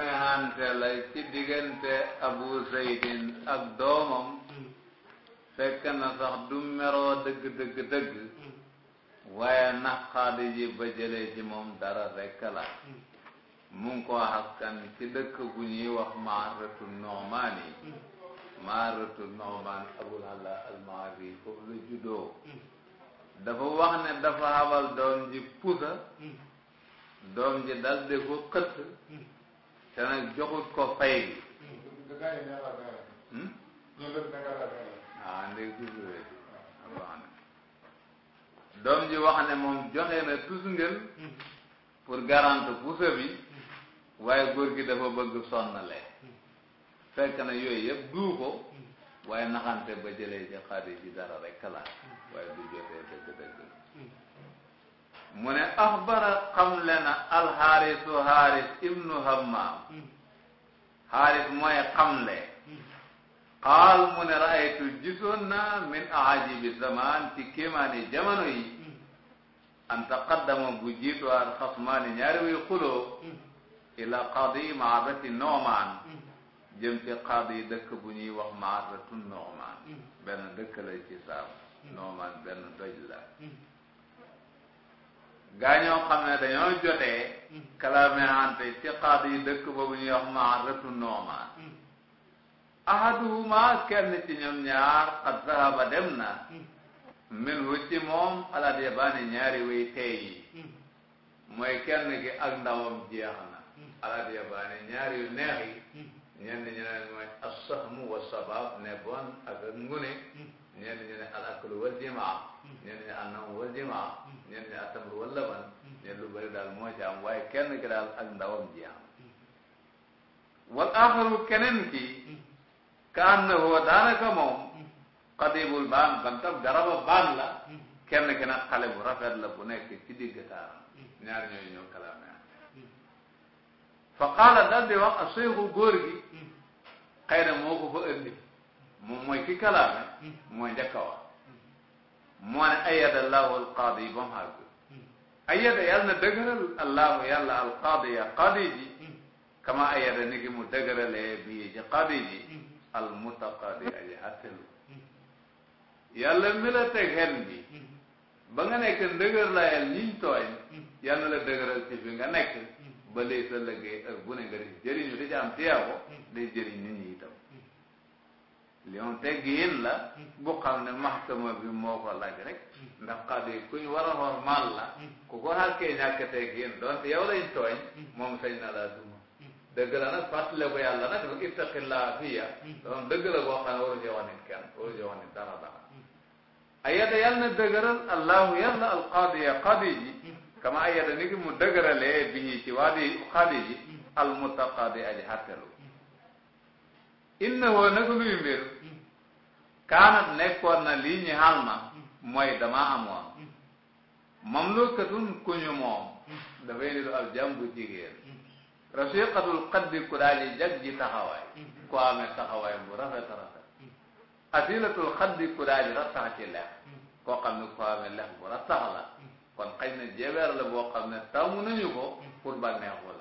xeexante la ci diggante abu zaydin ak doomam fekk na sax du meroo dëgg dëgg dëgg waaye naqaadi ji ba jëlee ci moom dara rekk la mu ko xaskan ci dëkk bu ñuy wax maaratu noomaan yi maaratu noomaan abul ala almaari foofu la juddoo dafa wax ne dafa xabal doom ji pusa doom ji dal di ko xëtt te nag joxut ko fay bi. Hmm? ah ndey toujours ji wax ne moom pour garante pusa bi waaye góor gi dafa bëgg sonnale fekk na yooyu yëpp duu ko waaye naxante ba jële ci xarit ji dara rek kalaat waaye du jotee dëgg-dëgg mu ne axbara xam le na alxaarisu xaaris ibnu hammaam hmm. xaaris mooy xamle hmm. qaal mu ne raaytu gisoon naa min ajabi zaman ci kéemaani jamono yi hmm. an taqaddama bu jiitu al xasmaani ñaari way xuloo ila qadi maabati noomaan jëm ci qadi dëkk bu wax maabatun noomaan benn dëkk la ci saam noomaan benn gaa ñoo dañoo jotee kalaame ante ci xaad yi dëkk boobu ñuy wax maa rëtu noomaan ahaduhuma kenn ci ñoom ñaar xad zahaba dem na min wu ci moom alal yabaani ñaari way tey yi mooy kenn ki ak ndawam jeex na alal yabaani ñaari yu neex yi ñenn ñu assahmu wa ne bon ak ngune ñenn ñu ne al aklu wal jimaa ñenn moo ci am waaye kenn ki daal ak ndawam ji am wal axaru keneen ki kaan bu rafet la bu nekk ci digg taaram ñaar ñooyu ñëw kalaame am fa qaala wax a seyxu góor gi xëy na moo ko mooy ki kalaame mooy njëkk moo ne ayada allahu alqaadi ba mu àgg hmm. ayada yàlla na dëgëral allahu yàlla alqaadi ya qaadi ji hmm. kama ayada ni ki mu dëgëralee bii ci qaadi ji hmm. almutaqaadi aji attelu yàlla mi la teg xel bi ba nga nekk ndëgër laayal ñiñ tooñ yàlla na la dëgëral ci nga nekk ba léegi sa liggéey ak bu ne nga di jëriñu di ci am tiyaabo day jëriñ nit ñi li moom tegg yin la bu xam ne maxkama bi moo ko laaj rek ndax xadi kuñ war a xormaal ku ko xàkkee ñàkk tegg yin donte yow lañ tooñ moom sañ na laa duma dëgg la nag fàttale ko yàlla nag fiya doon dëgg la boo xam ne waru ci wax nit kenn waru ci wax nit dara dara ayata yàlla na dëgëral qadi ji kama ayata ni ki mu dëgëralee bi ci waa di xadi ji almutaqadi aji xattelu inna a naka luy mbir kaanat nekkoon na lii ñi xal ma mooy dama amoon mamlukatun ku ñu moom dafay niru ab jàm bu jigéen rasiqatul qaddi ku daa jag ji taxawaay ku amee bu rafet rafet asilatul xaddi ku daa ji ci lex koo xam ne lex bu rattax la kon xëy na jebeer la boo xam ne taamu nañu ko pour bànneexu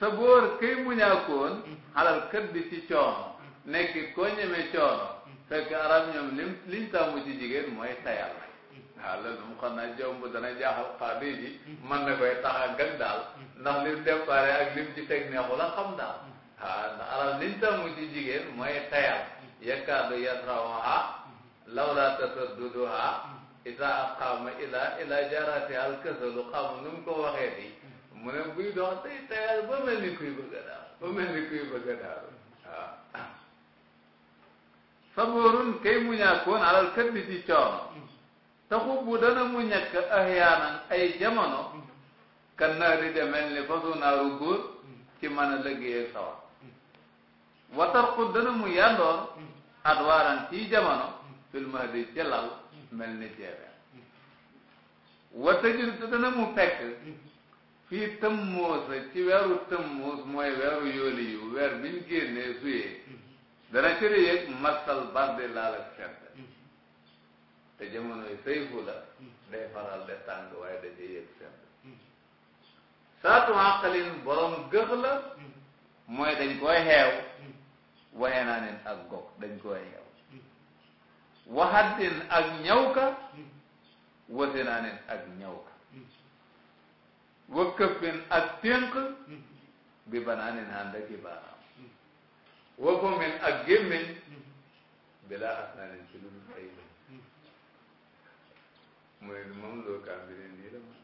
sa góor kay muñaakoon xalal mm-hmm. kër di ci coono mm-hmm. nekk koo ñemee coono mm-hmm. fekk arab ñoom lim liñ tàmmu ci jigéen mooy tayal waaw loolu mu xam naa jomb dana jaaxal xaadi ji mën na koy tax a gën daal ndax lim déparé ak lim ci teg neexu la xam daal waaw ndax arab liñ tàmmu ci jigéen mooy tayal yakkaadu yasrawaha lawla tasadduduha ida aqaama ila ila jaratiha alkasalu xam nu mu ko waxee di mu ne buy dox day tayal ba mel ni kuy bëgg a daal ba mel ni kuy bëgg a daal waaw saboorun kay mu ñàkkoon alal kët bi ci coono taxu bu dana mu ñàkk ahyaanan ay jamono kan naar di demel ni fasu naaru góor ci mën a liggéeyee sawar watar ku dana mu yàndoon adwaaran ci jamono fil mahdi ci lal mel ni jeebe wata jur dana mu fekk fii tëmmuus ci weeru tëmmuus mooy weeru yooli yu weer biñ génnee mhm. suyee dana ci yëg masal barde laal mhm. mhm. e e ak sedd te jamonoy sayfu la day faral de tàng e waaye da ci yëg sedd saatu àqalin borom gëx la mooy dañ koy xeew waxe naa nen ak gog dañ koy xeew waxatin ak ñaw ka wase naa nen ak ñaw ka wakkëfin ak ténk bi banaanin ànd ak i baaraam wakomin ak gémmiñ bila asnaanin ci lu dul ay bëñ mu ne moom loo kaa mbiri nii la man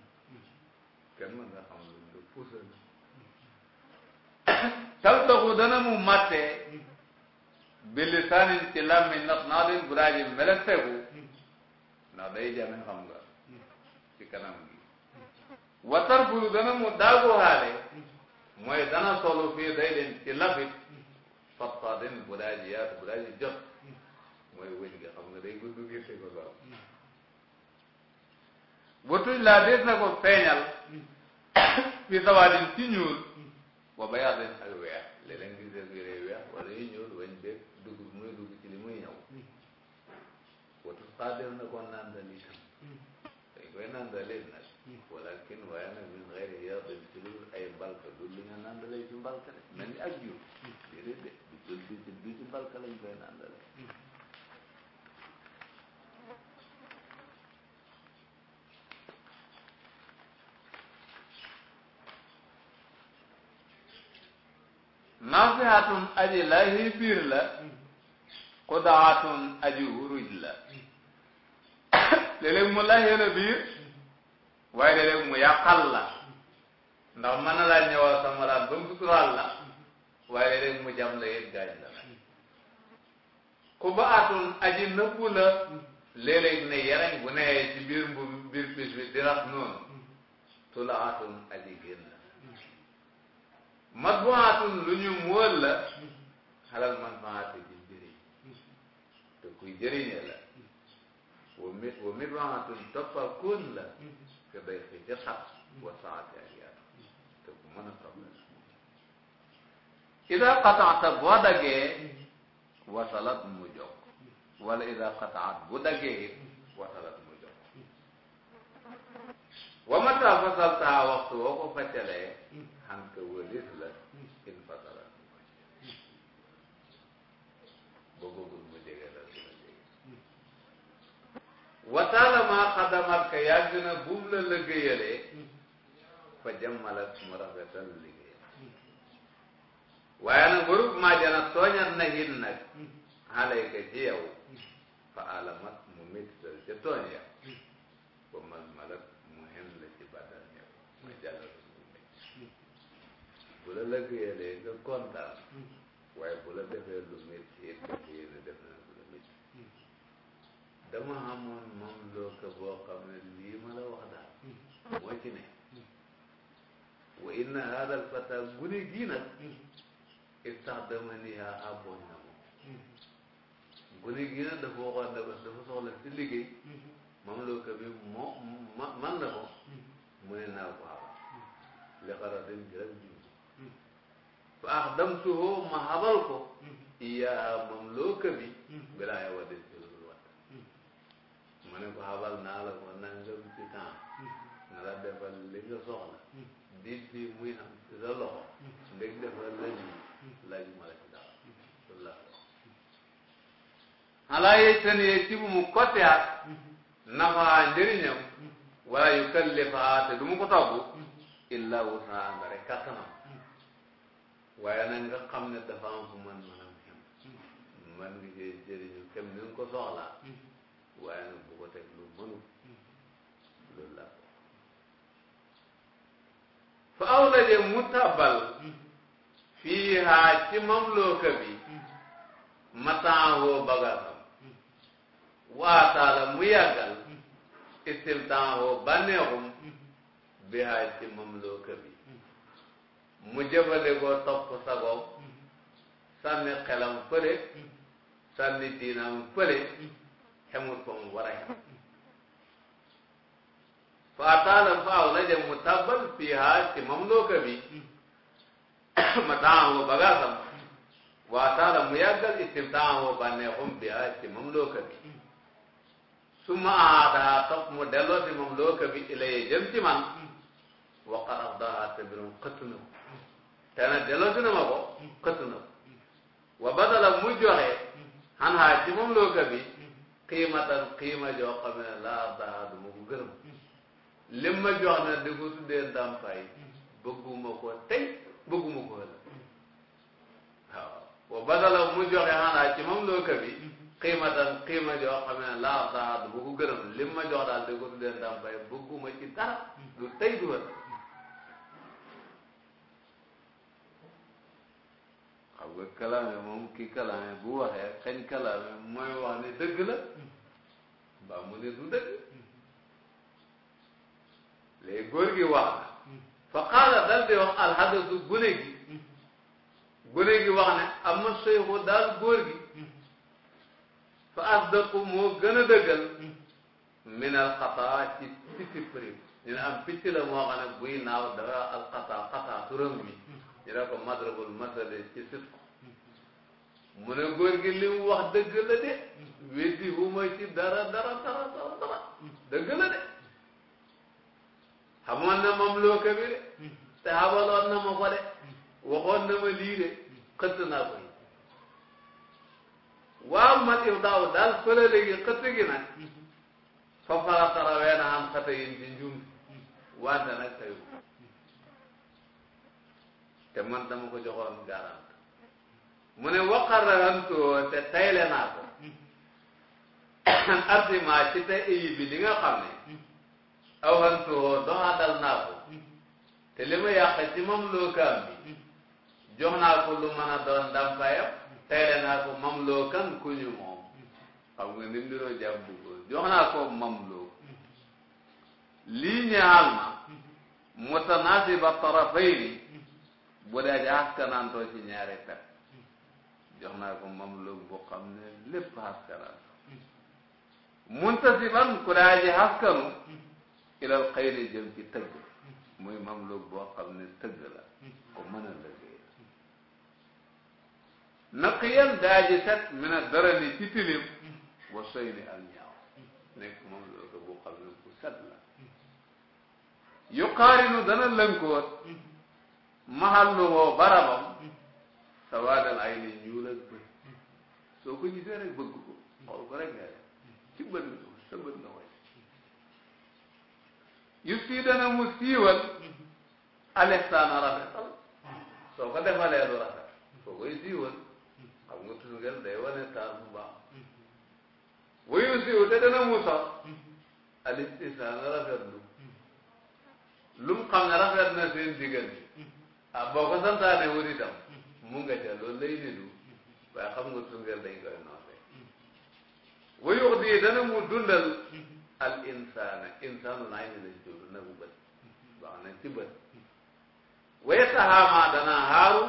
kenn mën nga xam lu lu puusal taltaxu dana mu màttee bi lisaanin ci làmmiñ ndax naa leen bu daaji melenteku ndax day jame xam nga ci kanam watar bulu dana mu daagu haale dana solu fii day leen ci lafit fattadin bu daa ji jot mooy wëñ nga xam nga day gudd gerte ko gaaw watuñ laa des na ko feeñal fii sawaadin ci ñuul wa bayaadin ak weex léeg-léeg ngi seen yére weex wala yu ñuul wañ beeg dugg muy dugg ci li muy ñëw watu saa na walakin waaye nag min xayri yadin ci lu ay mbalka du li nga nàndalee ci mbalka de mel ni ak jur déedéet de du jël du ci du ci mbalka lañ koy nàndale nasihatun aji lahi biir la xudaatun aji wuruj la léeg-léeg mu lahi la biir waaye léeg mu yàqal la ndax mën na laa ñëwal sama laat ba mu la waaye léeg mu jam la yéen gaañ la ku ba atul aji nëbbu la léeg-léeg ne yarañ bu newee ci biir di rax noonu tula atul aji génn la mat bu atul lu ñu móol la xalal man faati di jëriñ te kuy jëriñe la wa mit wa mit waatul toppal la te day xëy ci xat wa saati ak yàlla te ku mën a soxla ida qataata boo daggee wasalat mu jokk wala ida qataat bu daggee it wasalat mu jokk wa mata fasalta waxtu woo ko faccalee xam nga wëlis la in fasalat mu ko ba bëggul mu jege la dina jege mm. wa taalama xadama yàgg na buum la liggéeyalee fa jëmmalat mu rafetal liggéeyal waaye nag warub maajana tooñat na hin nag xalayka ci yow fa alamat mu métital ca tooñ ya ba mu hen la ci bàttal yow ma jàllal mu métti la liggéeyalee nga kontaan waaye bu la defee lu métti dama xamoon moom loo ko boo xam ne lii ma la wax daal moo ci ne wa inna hada alfata gune gii nag istaxdamaniha àbboon na moom gune gii nag dafa waxoon ne dafa soxla si liggéey moom loo ko bi moo man na ko mu ne naa ko xabal li xara dem ji rek jum fa axdamtuhu ma xabal ko iyaa moom loo ko bi mm-hmm. bilaa yawa dem ma ne naa la ko nangam ci temps nga la defal li nga soxla diit bi muy am ci sa la lii laaj ma la ci dara wallaahi xalaa yey tan yee ci bu mu kotteat nafaa yu kallifaa te du ko togg illa wusaa nga rek kattanam waaye nag xam ne dafa am fu man manam xem man ngi cee jëriñu ko soxlaa waaye nag bu ko teg lu mënu mm-hmm. loolu laa ko fa aw la mu tàbbal mm-hmm. fii haa ci mamlooka bi mm-hmm. mataahoo bagasam waataala mu yàggal istimtaahoo bànneexum bi haa ci mamlooka bi mu jëfandikoo topp sagoom sànni xelam fële sànni diinaam fële xamul ko mu war a xam fa ataala faaw la jëm mu tàbbal fiiha ci mamlooka bi mataamu bagaasam wa ataala mu yàggal istimtaamu bànneexum biha ci mamlooka bi suma aada topp mu delloo ci mamlooka bi ilaye jëm ci man waqat abdaha te birom xëtt na ko te nag delloo si na ma ko xëtt na ko wa badala mu joxe xan haa ci mamlooka bi qiimatan qiima joo xam ne laa daa du ma ko gërëm lim ma jox na di ko tuddee ndàmpaay bëgguma ko tey bëgguma ko ëllëg wa badala mu joxe xanaa ci moom loo kabi qiimatan qiima joo xam ne laa daa du ma ko gërëm lim ma jox daal di ko tuddee ndàmpaay bëgguma ci dara du tey du ëllëg xam nga kalaame moom ki kalaame bu waxee xañ kalaame mooy wax ne dëgg la mu ne du dëgg léegi góor wax na fa wax alxadasu gune gi gune gi wax ne ama seyxu daal góor gi fa asdaqu moo gën a dëggal min alxataa ci ci ci prime ñu ne am picc la moo xam ne buy naaw dara alxataa xataa turam bi ñu ne ko madrabul masale ci sit ko mu ne góor gi li mu wax dëgg la de weddi bu ma ci dara dara dara dara dara dëgg la de xamoon na mam looka bi de te xabaloon na ma ko de waxoon na ma lii de xëtt naa ko waaw mat yow daaw daal fële léegi xëtt gi nag fa faratara ween a am xëtt yin ci njuum wante nag tey te man dama ko joxoon garante mu ne waqarrarantuwoo te tayle naa ko artima ci te iyi bi li nga xam ne awhantuwoo naa ko te li ma yàq ci mam loo jox naa ko lu mën doon ndàmpaayam tayle naa ko mam loo ku ñu moom xam nga ni mbiroo jàmm bu góor jox naa ko mam loo lii ñaal ma mutanaasiba tarafayni bu dee ci askanantoo ci ñaari pet jox naa ko mamluk bu xam ne lépp askanantoo muntasiban ku daa ji askanu ilal xayri jëm ci tëgg muy mamluk boo xam ne tëgg la ko mën a lëggéey naqiyan daa ji set min a darani ci tilim wa soy ni ak mamluk bu xam ne bu set la yuqaarinu dana lënkoot mahalluhoo barabam sawaadal ay ni ñuul ak bët soo ko gisee rek bëgg ko xool ko rek nga def ci bët nga sa bët nga koy yu sii dana mu siiwal alexsaana rafetal soo ko defalee lu rafet soo koy siiwal xam nga tusngel day wane taar bu baax wayu siiw te dana mu sox alistisaana rafetlu lu mu xam ne rafet na seen diggante ah boo ko santaane wut itam ca loolu lay niru waaye xam nga tungeel dañ koy noose wa yux di dana mu dundal al insaana insaanu naa ni lañ jublu nagu bët baax na ci bët way saxaamaa dana xaaru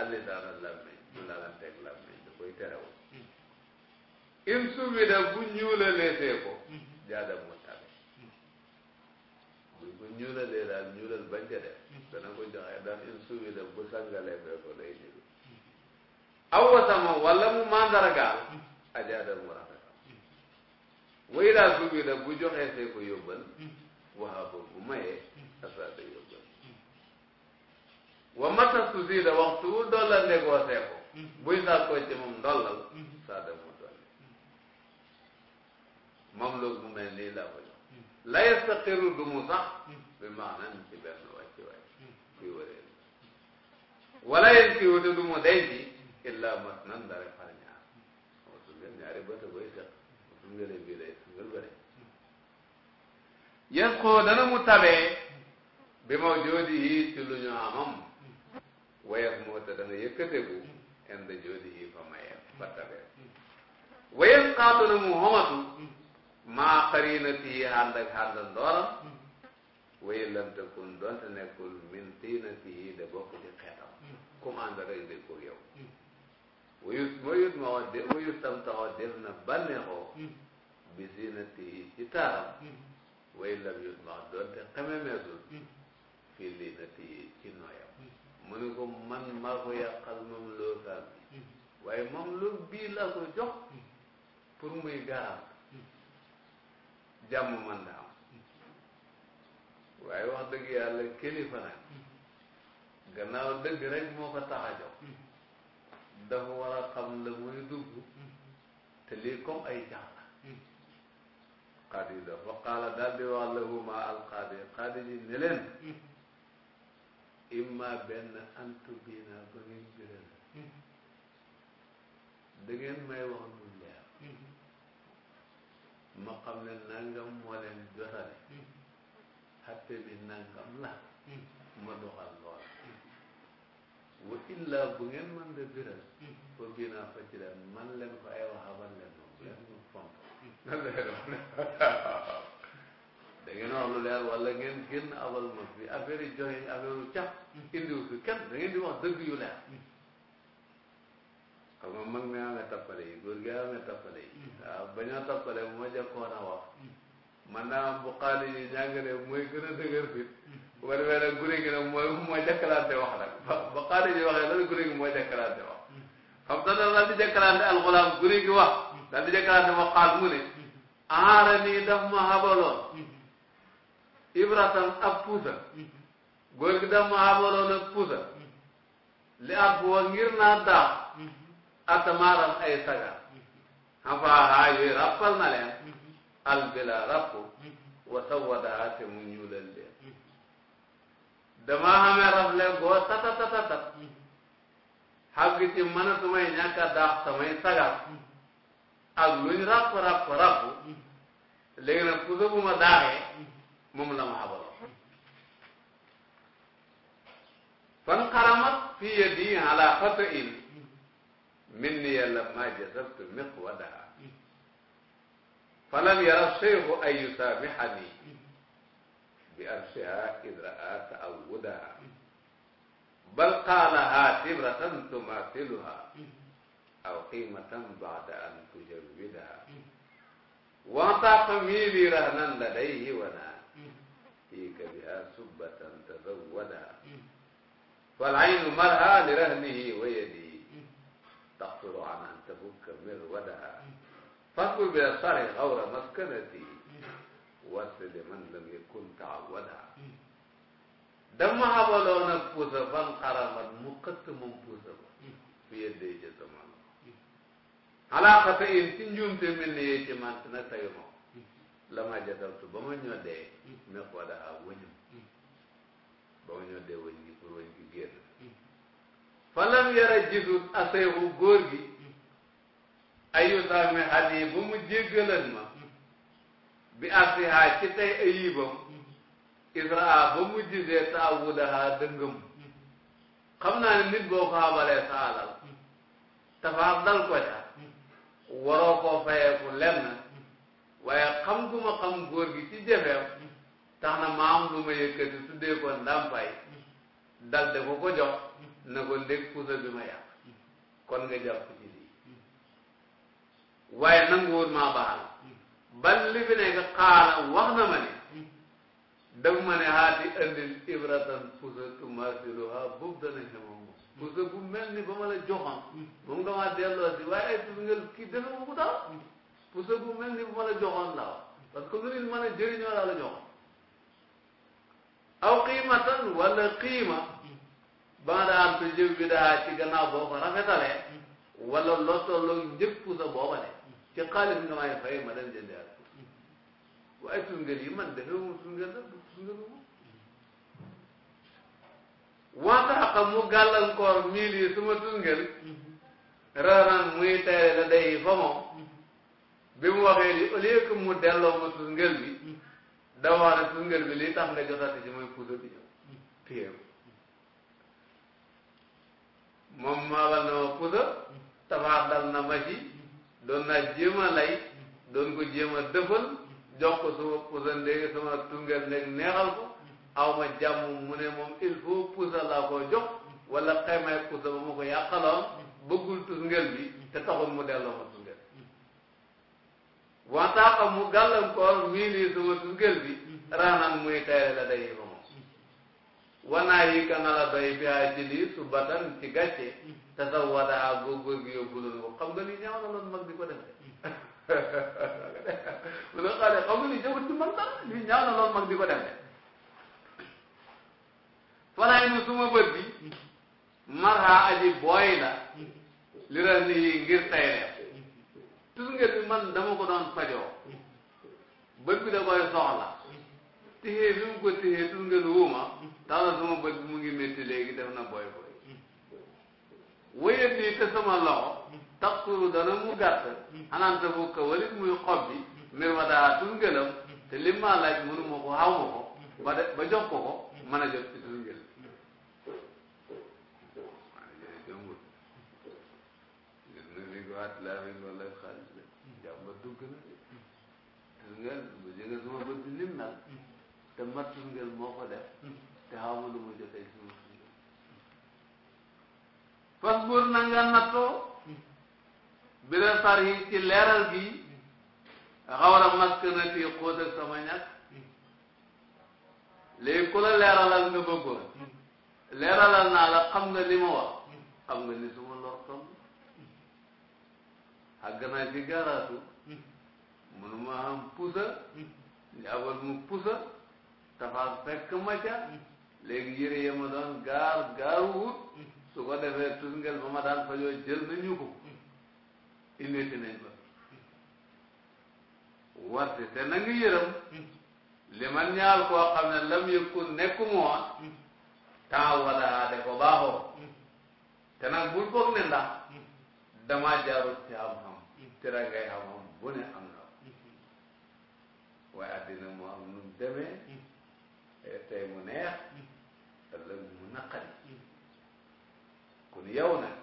al lisaana làmmeñ du lalanteeg làmmeñ da koy terew in subida bu ñuulaleetee ko jaada mu tabe bu ñuulalee daal ñuulal bañ ca def dana ko joxe daan in suubi da sangale bee ko day niru aw wasama walla mu mandargaal ajaada mu rafetal way daal suubi da bu joxee see ko yóbbal waxaa bu mayee asaada yóbbal wa mata su siida waxtu wu dollal ne koo see ko buy saal ko ci moom dollal saada mu dolli mamluk mu mel nii laa ko jox la yastaqiru du mu sax bi maanaam wala yéen kii wute du mu denc illa mat nan dara xar ñaar moo su ngeen ñaari bët bay tëq moo su ngeen bii lay su ngeen bëre yéen xoo dana mu tabee bi ma joodi yi ci lu ñu amam wayef moo te dana yëkkateku inde joodi yi fa mayee ba tabee wayen xaatu na mu xomatu maa xarinati yi ànd ak ànd ndooram way lam takun donte nekkul min tiinatihi da bokk ci xeetam hmm. commande rek hmm. de ko yow wayut mayut tam taxaw def na bànneexoo hmm. bi siinatihi ci taaram way lam yut ma donte xememeesul fi liinatihi ci nooyam mu ne ko man maa ko yàqal moom loo bii la ko jox pour muy gaar jàmm man daam waaye wax dëgg yàlla kilifa nag gannaaw dëgg rek moo ko taxa a jóg dafa war a xam la muy dugg te lii ay jax la xaadi da fa qaala wax lahu ma alxaadi xaadi ji leen imma benn antu biina ba ngeen biral da ngeen may wax lu leer ma xam ne nangam moo leen xatte bi nangam la ma doxal loola wa illa bu ngeen man de biral fo biinaa fa ci man leen ko ay wax abal leen moom leen ñu fomp na leer da ngeen wax leer wala ngeen génn abal ma fi affaire yi joxe affaire yu cap indiwu fi kenn da di wax dëgg yu leer xam mag mi amee tappale yi góor amee tappale yi bañoo tappale moo jëkkoon a wax man daa am bu xaali yi jàngale mooy gën a dëgër fit bu ko defee nag gune gi nag mooy mooy jàkkalante wax nag ba xaali yi waxee wax xam te wax daal di jàkkalante wax xaal mu ne aara nii daf ma xabaloon ibratan ab puusa góor gi daf ma xabaloon ak puusa li at wa ngir naa daax atamaaram ay sagar xam faa haa yooyu rappal na leen al bila ràpp wa sawadaha te mu ñuulal leen damaa xamee rafle goo tatatatat xàgg ci mënatumay ñàkk daax samay sagar ak luñ ràpp ràpp ràpp léegi nag puso ma daaxee moom la ma xabaloo fan xaramat fi yadi ala xata in min ni yàlla maa jasabtu miqwadaha falam yara seyxu an yusaamixani bi arshiha id raa taawudaha bal qaalaha tibratan tumaasiluha aw qiimatan bada an tujawidaha وانطق ميلي رهنا لديه ونا فيك بها سبة تزودا فالعين مرها لرهنه ويدي تقصر عن أن تفك مرودها فاقوي بأثار غور مسكنتي واسد من لم يكن تعودا دم حولون بوسا فانقرمت مقتم بوسا في يدي جسمان على خطئين تنجوم تمن يجي من سنتيمو لما جدرت بما نودي مقودها وجم bama ñoo dee wëñ gi pour wëñ gi génn falam yara gisut asayxu góor gi ayu sax mi xat yi ba mu jéggalan ma bi asihaa ci tey ayibam israa ba mu gisee taawudahaa dëngam xam naa ne nit boo ko xabalee sa alal dal ko ca waroo koo fayeeku lenn waaye xam gu ma xam góor gi ci jëfeem tax na ma am lu ma yëkkati tuddee ko ndàmpaay dal de ko ko jox na ko ndég pusa bi ma yàq kon nga jàpp ci waaye nanguwul maa baal ban li fi nekk wax na ma ne daf ma ne haati andil ibratan pusa tumaasiluha boobu dana xema moom pusa bu ni ba ma la joxoon moom nga maa delloo si waaye ay tusingal kii defe ma ko daaw pusa bu ni ba ma la joxoon laaw parce que lu nit mën a jëriñoo laa la joxoon aw qiimatan wala qiima ba nga daan bi daa ci gannaaw boo ko rafetalee wala loo tolloog njëg pusa booba de ci xaalis nga may fay ma dem jëndee ak waaye tungal yi man defee mu tungal la du tungal moom wantaaxa mu gàllankoor miil yi suma tungal raanaan muy tere da day fa moom bi mu waxee li au mu delloo ma tungal bi da wax ne bi li tax nga jotati ci mooy puuda bi ñëw téyew moom maabal na ma puuda tafaar dal na ma ci doon naa jéem a lay doon ko jéem a dëfal jox ko sama pusandéegi sama tungal nekk neexal ko aw ma jàmm mu ne moom il faut pusa laa koo jox wala xaymay pusa ba ma ko yàqaloon bëggul tungal bi te taxul mu delloo ma tungal wantaaka mu gàllankoor mii lii sama tungal bi raanaan muy tayre la day ba moom wanaa yi ka nga la doy bi ci lii subatan ci gàcce te sax wadaha boo gi yóbbu loolu ko xam nga ni ñaaw na loolu mag di ko def de nga ni jëmut ci loolu mag di ko def de fanaay nu suma bët bi marha aji booy la li ran ni ngir tay def tusnget bi man dama ko doon fajoo bët bi da koy soxla tixee bi mu ko tixee tusnget wuuma tax na suma bët bi mu ngi métti léegi def na booy booy wéyal nii te sama loxo taquru dana mu gàtt anante bu ko walit muy xob bi mbir ma daa tul ngëlam te li ma laaj mënu ma ko xaw ma ko moo ko def te xaw ma lu ma jotee fasbur na nga nattoo bila sar ci leeral gi xawra maskanati xóot ak sama ñàkk léegi ku la leeralal nga bëggoon leeralal naa la xam nga li ma wax xam nga li suma lor tom àgg naa ci garaatu mënuma am pusa njaabal mu pusa tafaar fekk ma ca léegi yëre ya doon gaar gaar wut su ko defee tusngel ba ma daan fajoo jël nañu ko inéeti nañ ba warte te na nga yërëm li man ñaal koo xam ne lam yëkkul nekku moon temps wadaade ko baaxoo te nag bul foog ne ndax damaa jaarut ci xam-xam tera ngay xam-xam bu ne am na waaye addina moo am nu mu demee mm. mu neex ëllëg mu naqari ku ni yow nag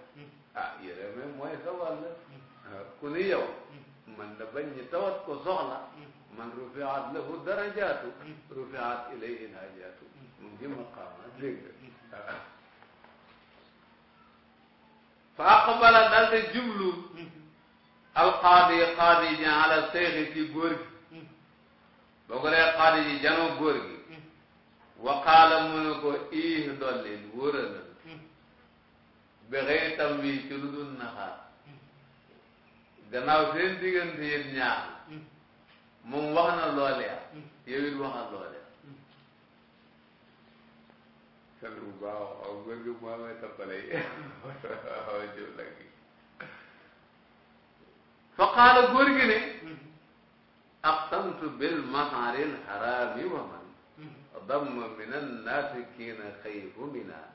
ah yërëme mooy sa wàll ku ni yow man la bañ ñi tawat ko soxla hmm. man rufiat lahu darajaatu hmm. rufiat ilayhi hajaatu hmm. mu ngi maqaama dégg nga fa aqbala dal de jublu alqaadi qaadi ña ala seyxi ci góor gi boo ko dee qaadi ji janoo góor gi wa qaala mu ne ko ii dollin wóora la bi xëy tam bii ci lu dul naxaat gannaaw seen diggante yéen ñaar moom wax na looleya yow it waxal looleya sëñ bu baax aw góor gi mu amee tappale yi aw jiw la gi fa qaala góor gi ne aqtamtu bil maharil harami wa man damma min annaasikiina xayfu minaa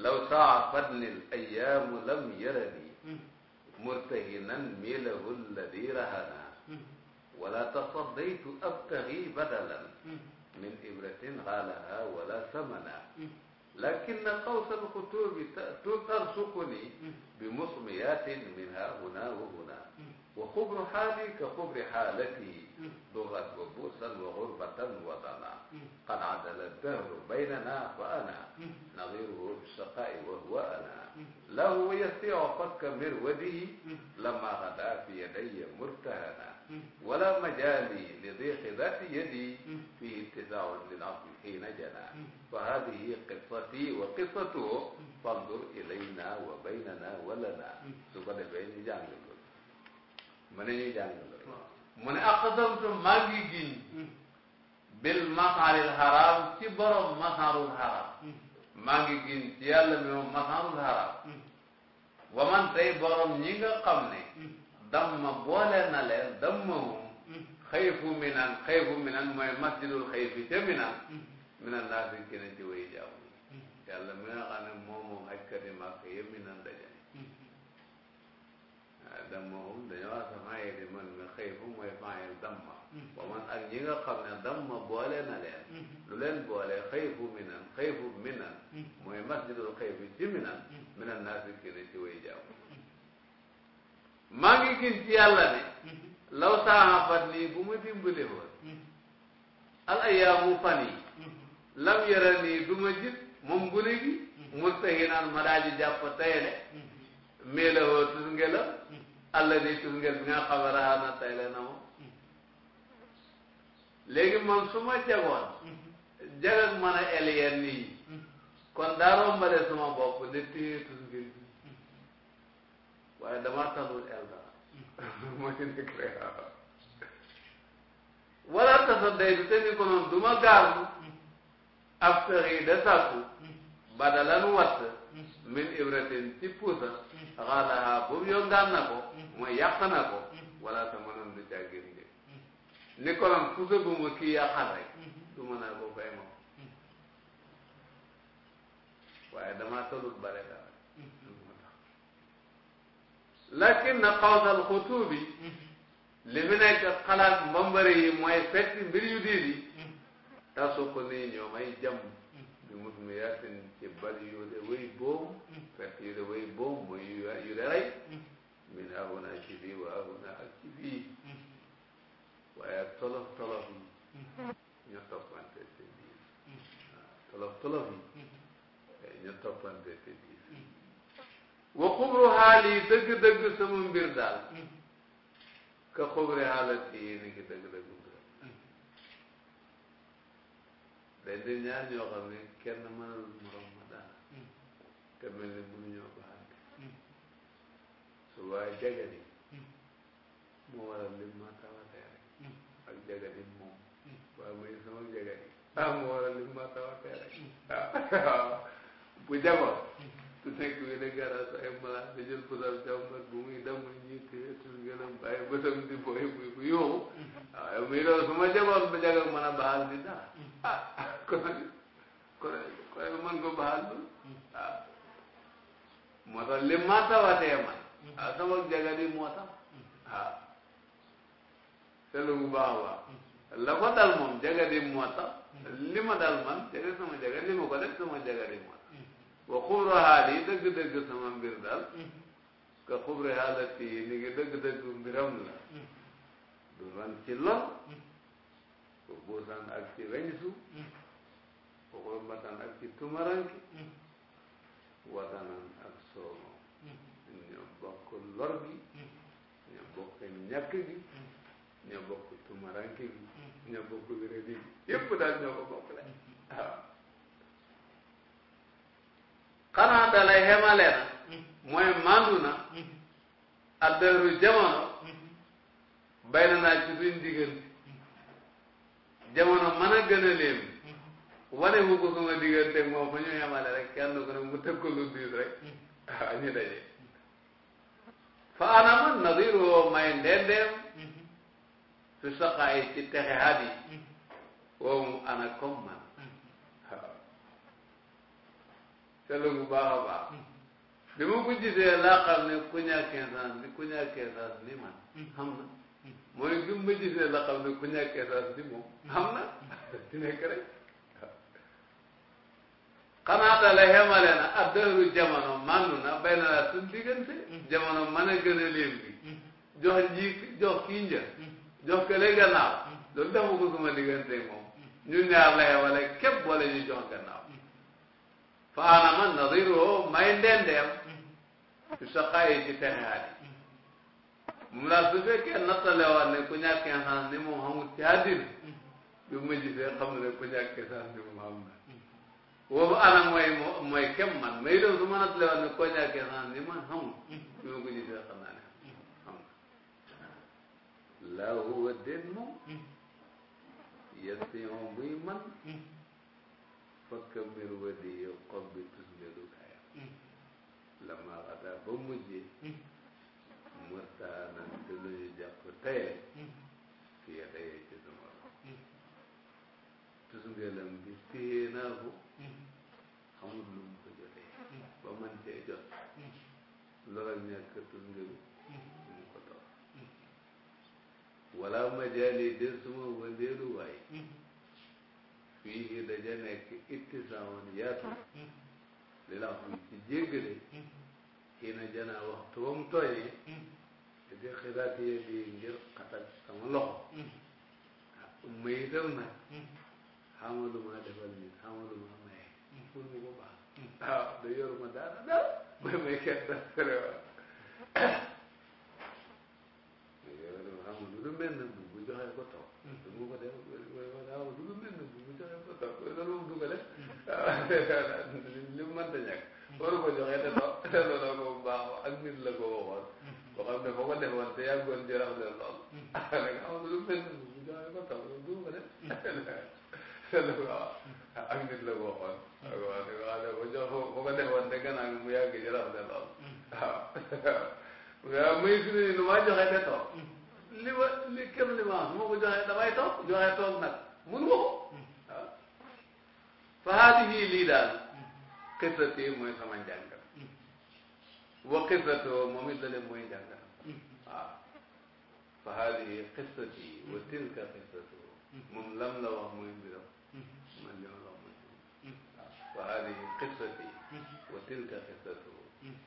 law taafadni l ayaamu lam yarani murtahinan milahu alladi rahana wala tasaddaytu abtaxi badalan min ibratin xaalaha wala samana lakin qawsa alxutuubi tarsuquni bi musmiyatin min ha huna wa huna وقبر حالي كقبر حالتي لغت وبوسا وغربة وطنا قد عدل الدهر بيننا فأنا نظيره في الشقاء وهو أنا له يستطيع فك مروده لما غدا في يدي مرتهنا ولا مجالي لضيق ذات يدي فيه اتساع للعقل حين جنى فهذه قصتي وقصته فانظر إلينا وبيننا ولنا su ko defee ñu jàng mën nañu jàng loolu mu ne aqsamtu maa ngi giñ bil maxaril xaraam ci borom maxarul xaraam maa ngi giñ ci yàlla mi moom maxarul xaraam wa man tey borom ñi nga xam ne damma boole na leen dammahum xayfu minan xayfu minan mooy masjidul xayfi ca minan minan laa fi gën a ci way jaamu yàlla mi nga xam ne moom moom ajkati màkk yëpp minan daje dammahum dañoo asamaayee di man nga xëy fu mooy faayil damma wa mm-hmm. man ak ñi nga xam ne damma boole na leen mm-hmm. lu leen boole xëy fu minan xëy fu minan mm-hmm. mooy masjidul xëy fu ci minan minan naa si kii ci way jaaw maa ngi gis ci yàlla ne law saaxa fan nii bu ma dimbali woon al ayaamu fan yi lam yara nii du ma jit moom gune gi mustahinaan ma daa ji jàpp tayele mii la woo allah di tur ngeen bi nga xam ne raxaana na moom léegi man su ma jagoon jagat mën a el yenn kon daa rombale sama bopp ne téye tur ngeen bi waaye dama tanul el dara moo ci nekk wala tasa day te ni ko noonu du ma gaaru ab badalan watt min ibratin ci puusa xaalaha boobu yongaan na ko mooy yàq na wala te mënoon du càggin njëg ni ko lan puusa bu ma kii yàqal waaye damaa tollut bare lakin na xawsal xutuubi li fi nekk yi mooy fekk mbir yu diidi tasu ko nii ñoo bi mut mi yaatin ci bal yu de wéy boom fekk yu de wéy boom mooy yu de rey min ahuna ci fii wa ahuna ak ci fii waaye tolof tolof yi ñoo toppante te biir tolof tolof yi ñoo toppante te biir wa xubru xaal yi dëgg-dëgg sama mbir daal ka xubri xaalat yi ni ki dëgg-dëgg dañ di ñaar ñoo xam ne kenn mënalul morom ma dara hmm. te mel ni mënuñoo baante hmm. su waaye jagadi moo hmm. waral li ma tawatee rek ak jagadi moom waaye muy sama jagadi ah moo waral li ma tawatee rek ah bu jagoon su nekk bi di garas ay malaat di jël posal jàmbat bu muy damm ñii téye tur gëlëm ay bëtam di booy buy bu yóoxu mm-hmm. waaw muy loolu su ma jaboon ba jagal mën a baal di dara mm-hmm. ah kon kon kon mën ko baal du mm-hmm. waaw moo tax ma tawatee man waaw sama jagal yi moo tax waaw bu baax a baax la ko dal moom jagal yi moo tax li ma dal man jagal sama jagal li ma ko def sama jagal yi moo tax wa xubru haal yi dëgg-dëgg sama mbir daal ka xubru haalat yi ni ngi dëgg-dëgg mbiram la du ci lor ko buusan ak ci weñsu ko xurbatan ak ci tumaranki watanan ak soomo ñoo bokk lor gi ñoo bokk ñàkk gi ñoo bokk tumaranki gi ñoo bokk wéradi gi daal ñoo ko bokk xanaa dalay xemale hmm. mooy mandu na hmm. addëru jamono hmm. bay na naa ci suñ diggante jamono mën a gën a léem wane wu ko sama diggante moom ba ñu xemale rek kenn ko ne mu tëg ko lu diis rek a ñu daje fa anaman nadir woo may fi soqaay ci texe hat yi woomu ana comme seetlu bu baax a baax mm. bi ma ko gisee laa xam ne ku ñàkkee saas ni ku ñàkkee saas ni man mm. xam na mooy bi ma gisee laa xam ne ku ñàkkee saas mm. na di nekk rek xanaa na bay na laa suñ diggante jamono mën a gën a léem bi jox ji jox kii njër jox kële gannaaw loolu dafa ko suma diggante moom ñun ñaar wala ñu jox gannaaw faana man nadiruhu may ndendeem ci saqaayi ci texe aji mu laa su fekkee nattale woon ne ku ñàkk chance ni moom xamul ci àddina bi ma gisee xam ne ku ñàkk chance ni moom xam na woobu ana mooy mooy kem man may doon su ma nattale woon ne koo ñàkk chance ni man xamul bi ma ko gisee xam den moom yesi moom buy man kammil wadi yow xob bi tusnelu kaayam mm. lama xata ba mujje mm. murtaanan te lu ñu jàpp tayee fiye tayee ci sama loxo mm. tusngelam bi téye naa ko xamul lu ko jotee ba man cee jot loral ñàkk tusngelu mu ko toog wala majaali del suma wëndeelu waay fii daja nekk ittisaawoon yaatu li la xam ci jéggale kii na jana waxtu ba mu tooyee di xibaat yi di ngir xatal sama loxo ma itam nag xamalu ma defal nit xamalu ma maye pour mu ko baax waaw da yoru ma daara daal may may kenn da sere wa ma yoru xamalu lu mel na bu joxee ko toog du ma ko def ma daaw du lu mel na li mu mënta ñàkk waru ko joxee te doo te ko bu baax ak nit la ko waxoon boo xam ne foo ko defoon te yàggoon ci rafle joxe ko taw du ko def ak nit la ko waxoon waaw di ko xam ne bu jox foo ko defoon te gannaaw mu yàgg ci rafle lool waaw muy fi ni nu maa joxe te toog li ma nag mun ko fa haadihi lii daal xisati mooy sama njàngal wa xisatoo moom it la leen mooy njàngal waaw fa haadihi xisati wa tilka xisatoo moom lam la wax mooy mbiram man li ma la wax mooy waaw fa haadihi xisati wa tilka xisatoo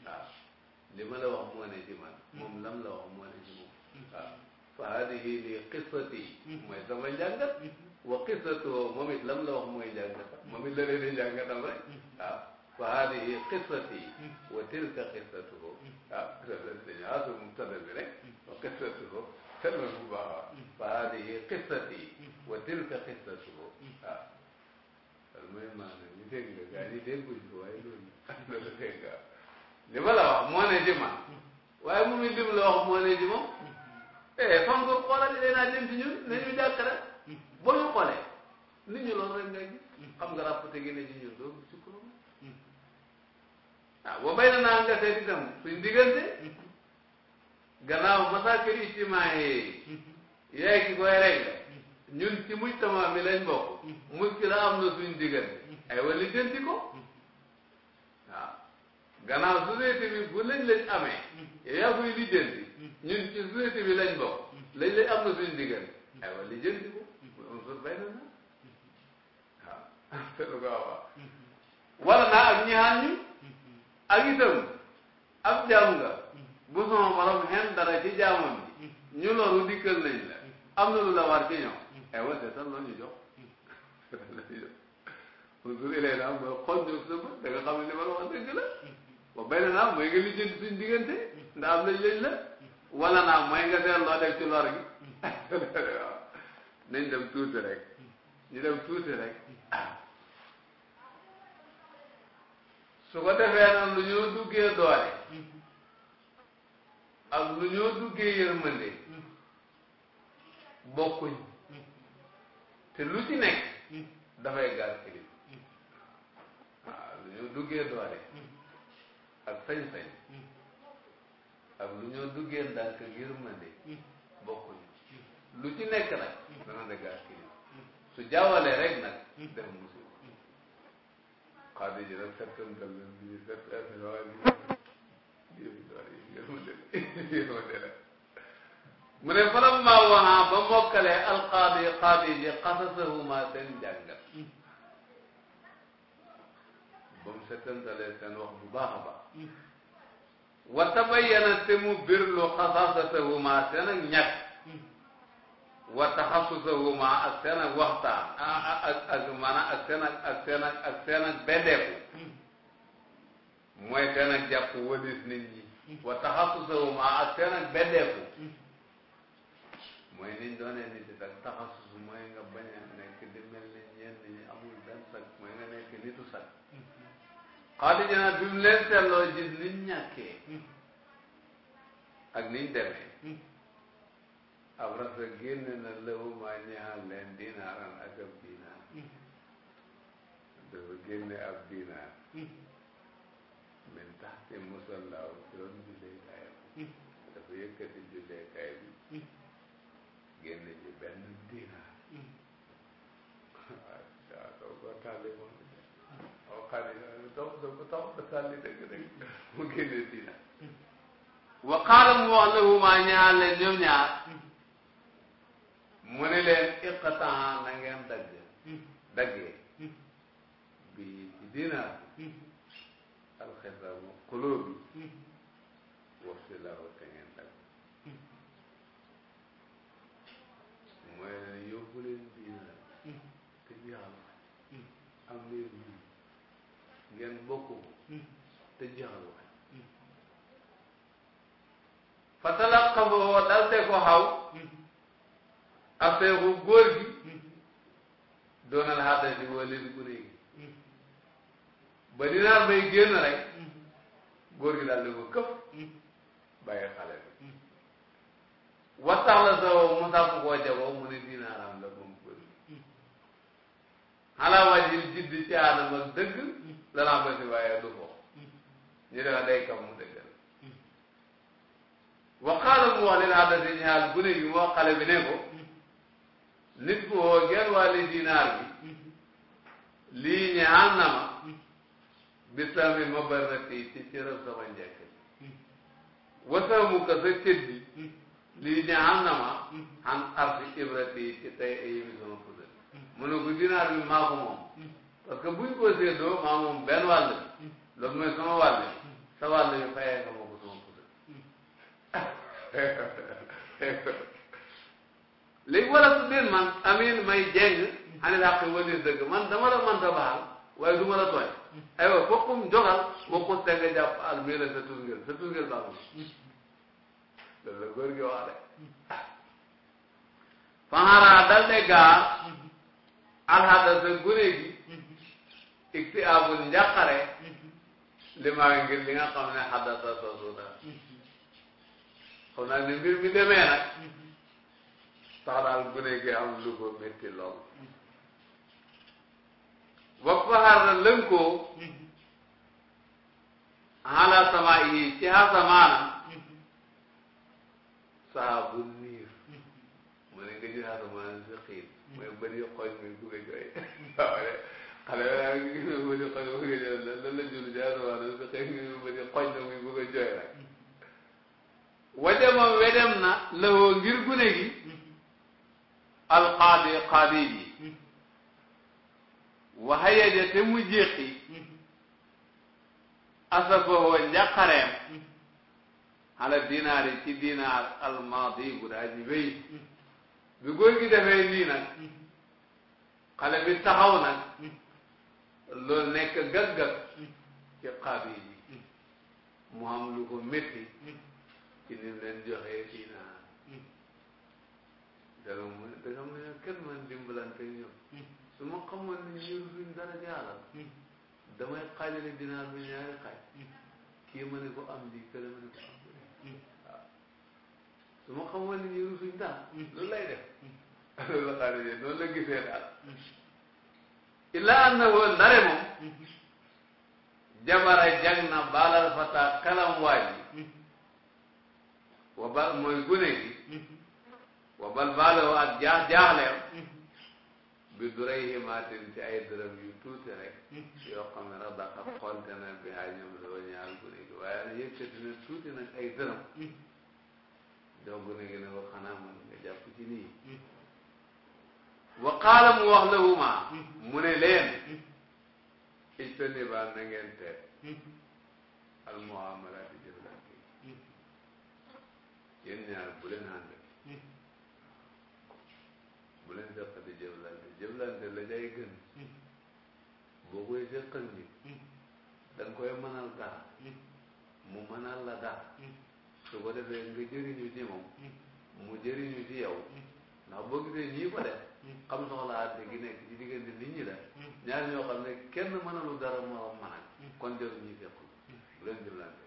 waaw li ma la wax moo ne ci man moom lam la wax moo ne ci moom waaw fa hadihi li qissati mooy sama njàngat wa qissatuhu moom it lam la wax mooy njàngat moom it la leen di njàngatam rek waaw fa hadihi qissati wa tilka qissatuhu waaw dañu asu mubtada bi rek wa qissatuhu selman bu baax a fa hadihi qissati wa tilka qissatuhu waaw loolu mooy maanaam ñu dégg nga gaa ñi dégguñ ko waaye loolu loolu dégg nga li ma la wax moo ne ci man waaye moom it li mu la wax moo ne ci moom eh fan nga xoolal day naa dem ci ne ñu jàkk rek hmm. boo ñu xoolee ñu loolu rek ngay gis hmm. xam nga gi ne ci ñun doo ci kuréel hmm. ah boo bay na naa nga seet itam suñ diggante gannaaw masaaka ijtimaa yi yaay ki koy rek ñun ci mujtama mi lañ bokk muskila am na suñ diggante ay wa lijjanti ko waaw gannaaw société bi bu lañ lañ amee yow yaa koy lijjanti ñun ci société bi lañ bokk lañ lay am na suñu diggante aywa li jënd ko bay na waaw te lu ko wax wala naa ak ñaan ñu ak itam ab nga bu sama morom xen dara ci jaamam bi ñu loolu dikkal nañ la am na lu la war ci ñoom aywa te tan loolu ñu jox unzur ilayna mooy xool ñu sa bët da nga xam ne li ma la wax dëgg la wa bay na naa mooy nga lijjanti suñ diggante ndax am lañ lañ la wala naa mooy nga seet loo def ci lor gi waaw nañ dem tuuti rek ñu dem tuuti rek su ko defee nag lu ñoo duggee doole ak lu ñoo duggee yërmande bokkuñ te lu ci nekk dafay gaal kilim waaw lu ñoo duggee doole ak sañ ak lu ñoo duggee ndànk yërmande hmm. bokkuñu lu ci nekk nag hmm. dana dëgg ak su jaawalee rek nag hmm. def musiba xaadi ji nag settantal leen bi sett mu ne falam ma waxaa ba mokkalee alqaadi qaadi ji xasasahuma seen jàngat ba mu settantalee seen wax bu baax a wa tabayyana te mu birlu xasaasatahuma seen ak ñàkk wa taxasusahuma ak waxtaan ak ak maanaam mooy seen ak jàpp wëlis ñi wa taxasusahuma ak seen mooy niñ doonee nit ak taxasus mooy nga bañ nekk di mel ñi amul benn mooy nga nekk nitu Xadija nag bi mu leen seetloo gis liñ ñàkkee ak niñ demee abrasa génne na lahuma ñaal leen dinaaran ak ab dinaar dafa génne ab dinaar min taxti musallaaw ci doon julleekaay dafa yëkkati julleekaay bi génne topp da ko topp da tàlli dëgg dëgg mu génne diina wa qaala mu wax lahumaa ñaar leen ñoom ñaar mu ne leen iqtaa na ngeen dagg daggee bi ci diinaar alxitaama xuloo bi wax si laaw te ngeen dagg mooy leen yóbbu leen diinaar te jeexal am leen ngeen bokk hmm. te jeexal ko hmm. fa talaqaboo dalte ko xaw hmm. afeexu góor gi doonal xaata di woo leen gune gi ba dinaar bay génn rek góor gi daal di ko këf bàyyi xale bi wattax la sa wow mu sàmm koo mu ne dinaaram la moom góor gi xalaa wajil jidd ci anam ak dëgg danaa bëgg waaye du ko ñu ne wax day kam mu dëggal waxaala mu wax lil adasi ñaal gune gi moo xale bi ne ko nit ku woo genn wàlli dinaar bi lii ñaan na ma bisami ma barnati ci cëram sama njëkk wasaamu ka sa cët bi lii ñaan na ma an arsi ibrati ci tey ay yimi sama puddal mu ne ko dinaar bi maa ko parce que buñ ko séddoo maa moom benn wàll hmm. loolu mooy sama wàll bi sa wàll bi fayee nga ma ko sama puudar hmm. léegi wala su deen man amin may jeng xane làq walis dëgg man dama la mën ta baal waaye du ma la tooñ hmm. aywa fokkum jogal ma te nga jàpp al mii la sa tusngel sa tusngel loolu la góor gi wax de fanxaraa dal de gaar alxada sa gune ikti abul njàqare mm-hmm. li maa ngir li nga xam ne xaddasa soosu na xam naa ne mbir mi demee nag tax daal gune gi am lu ko métti lool wappaxaar na lënkoo ala sama yi ci xasamaana saa bu niir mu ne nga ji xasamaana si xiin mooy bëri xooñ muy bugg a jooy xale waaye nga gis nga bëri xale bëgg a jooy la lan la jur jaaruwaa la sa xëy nga bëri xoj na muy bëgg a jooy rek wajama wedem na la woo ngir gune gi alqaadi qaadi ji waxayeja te mu jéqi asabahoo njàqareem xala dinaar yi ci dinaar almaadi bu daa ji wéy bi góor gi defee nii nag xale bi taxaw nag loolu nekk gag-gag ci xaabi bi mu am lu ko métti ci ni leen joxee kii naa danga mu ne danga mu ne kenn mën dimbalante ñoom su ma xamoon ne ñu duñ dara jaaral damay xaajale dinaar bi ñaari xaaj kii ma ne ko am di kële ma ne ko am waaw su ma xamoon ne ñu duñ dara loolu lay def loolu la xaajale noonu la gisee illaa annahu ndare moom jabara jàng na baalal fata kalam waaji wa ba mooy gune gi wa bal baalewo ak jaax jaaxleem bi duray himaatin ci ay dërëm yu tuuti rek yoo xam ne radaxa xonte na bi haa ñoom lawa ñaal gune gi waaye na yëkkati na tuuti nag ay dërëm doo gune gi ne ko xanaa man nga jàpp ci nii wa qaala mu wax lahuma hmm. mu ne leen ijtaniba na ngeen teet hmm. al muamalat yi jëflante yi hmm. yéen ñaar bu leen leen seqati jëflante jëflante la jay gën boo koy seqal nit da nga koy mënal dara mu mënal la dara su ko defee nga jëriñu ci moom mu jëriñu ci yow ndax boo gisee ñii ko def hmm. xam soxla atte gi nekk ci diggante nit ñi la hmm. ñaar ñoo xam ne kenn mënalu dara morom mënal hmm. kon jël ñuy fekk bu leen jëlante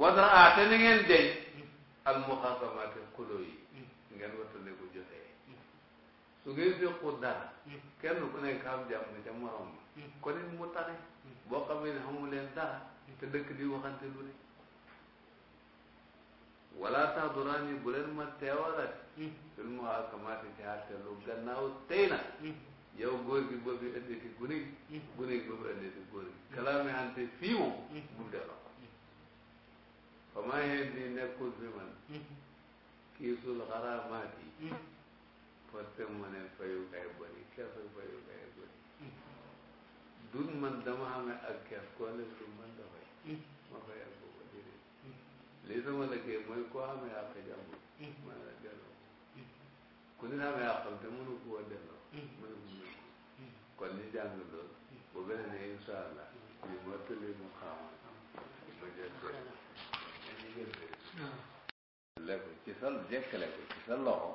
wasa a te ni ngeen deñ al muxaasamaate xuloo yi ngeen wattale ko jotee su ngeen fekkul dara kenn ku nekk xam jàmm ca morom ma kon it mu tane boo xamee ne xamu leen dara te dëkk di waxante lu wala tahdurani bu leen ma teewalat fil muhakamaati ci àtte lu gannaaw tey na yow góor gi boo fi indi ci gune gi gune gi boo fi indi ci góor gi kalaami ante fii moom bul delloo ko fa maa ngeen di nekkul fi man kiisul xaraamaat yi porte mu ne fayu kay bari keesu fayu kay dun man dama amee ak kees koo leen du man dafay ma fay lii sama liggéey mooy koo amee àq jàmbur ma ne la delloo ku te mënu koo delloo ma ne kon ñu jàng loolu bu beneen incha allah ñu mottali mu xaamal ma jël lekk ci sa jekkale ko ci sa loxo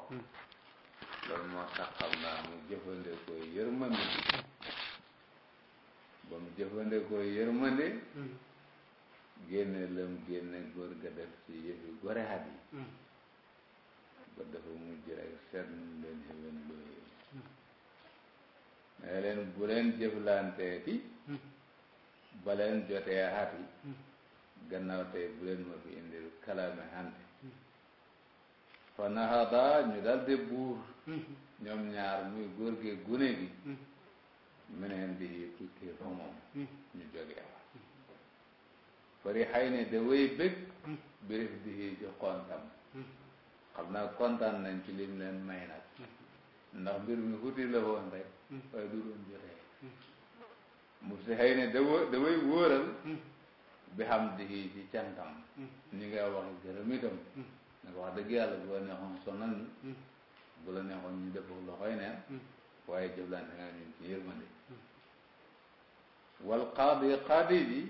loolu moo tax naa mu jëfandikoo yërmande ba mu jëfandikoo yërmande génne lam génne góor ga def ci yëfi gore hat yi hmm. ba dafa mujj rek seet nu leen xewen looyee hmm. ne leen bu leen jëflanteeti hmm. ba leen jotee hat yi gannaaw tey bu leen ma fi indil kalaame hante fa naxada ñu dal di buur ñoom ñaar muy góor gi gune gi meneen di tukkee fa moom ñu jógee fari xay ne da way bég di ci kontam xam naa kontaan nañ ci lim leen may nag ndax mbir mi xuti la woon rek waaye du doon jotee mu si xëy ne da wó da way wóoral bi xam di ci cantam ñi nga wax gërëm na ko wax dëgg yàlla bu la neexoon sonal ñu bu la neexoon ñu def loxoy neen waaye jëflante nga ñun ci yërmande wal qaadi qaadi ji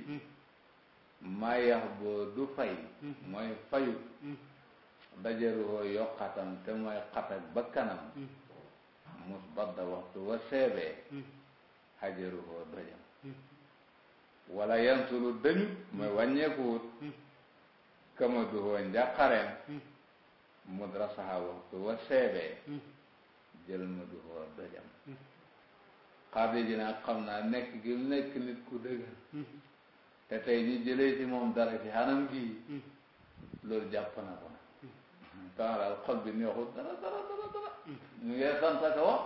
maa yax boo du fay mm-hmm. mooy fayu mm-hmm. dajaru hoo yokkatam te mooy xat ak bakkanam mus mm-hmm. badda waxtu wa seebee xajaru hoo dojam wala yansuru dañu mooy wàññeekuwut kama du hoo njàqareem mudrasaha waxtu wa seebee jël ma du hoo dojam xaadi ji nag xam naa nekk gi nekk nit ku dëgër te tey ñu jëlee ci moom dara ci xanam gi hmm. loolu jàpp na ko nag hmm. tax daal xol bi neexul dara dara dara dara hmm. ñu ngi sant ak a wax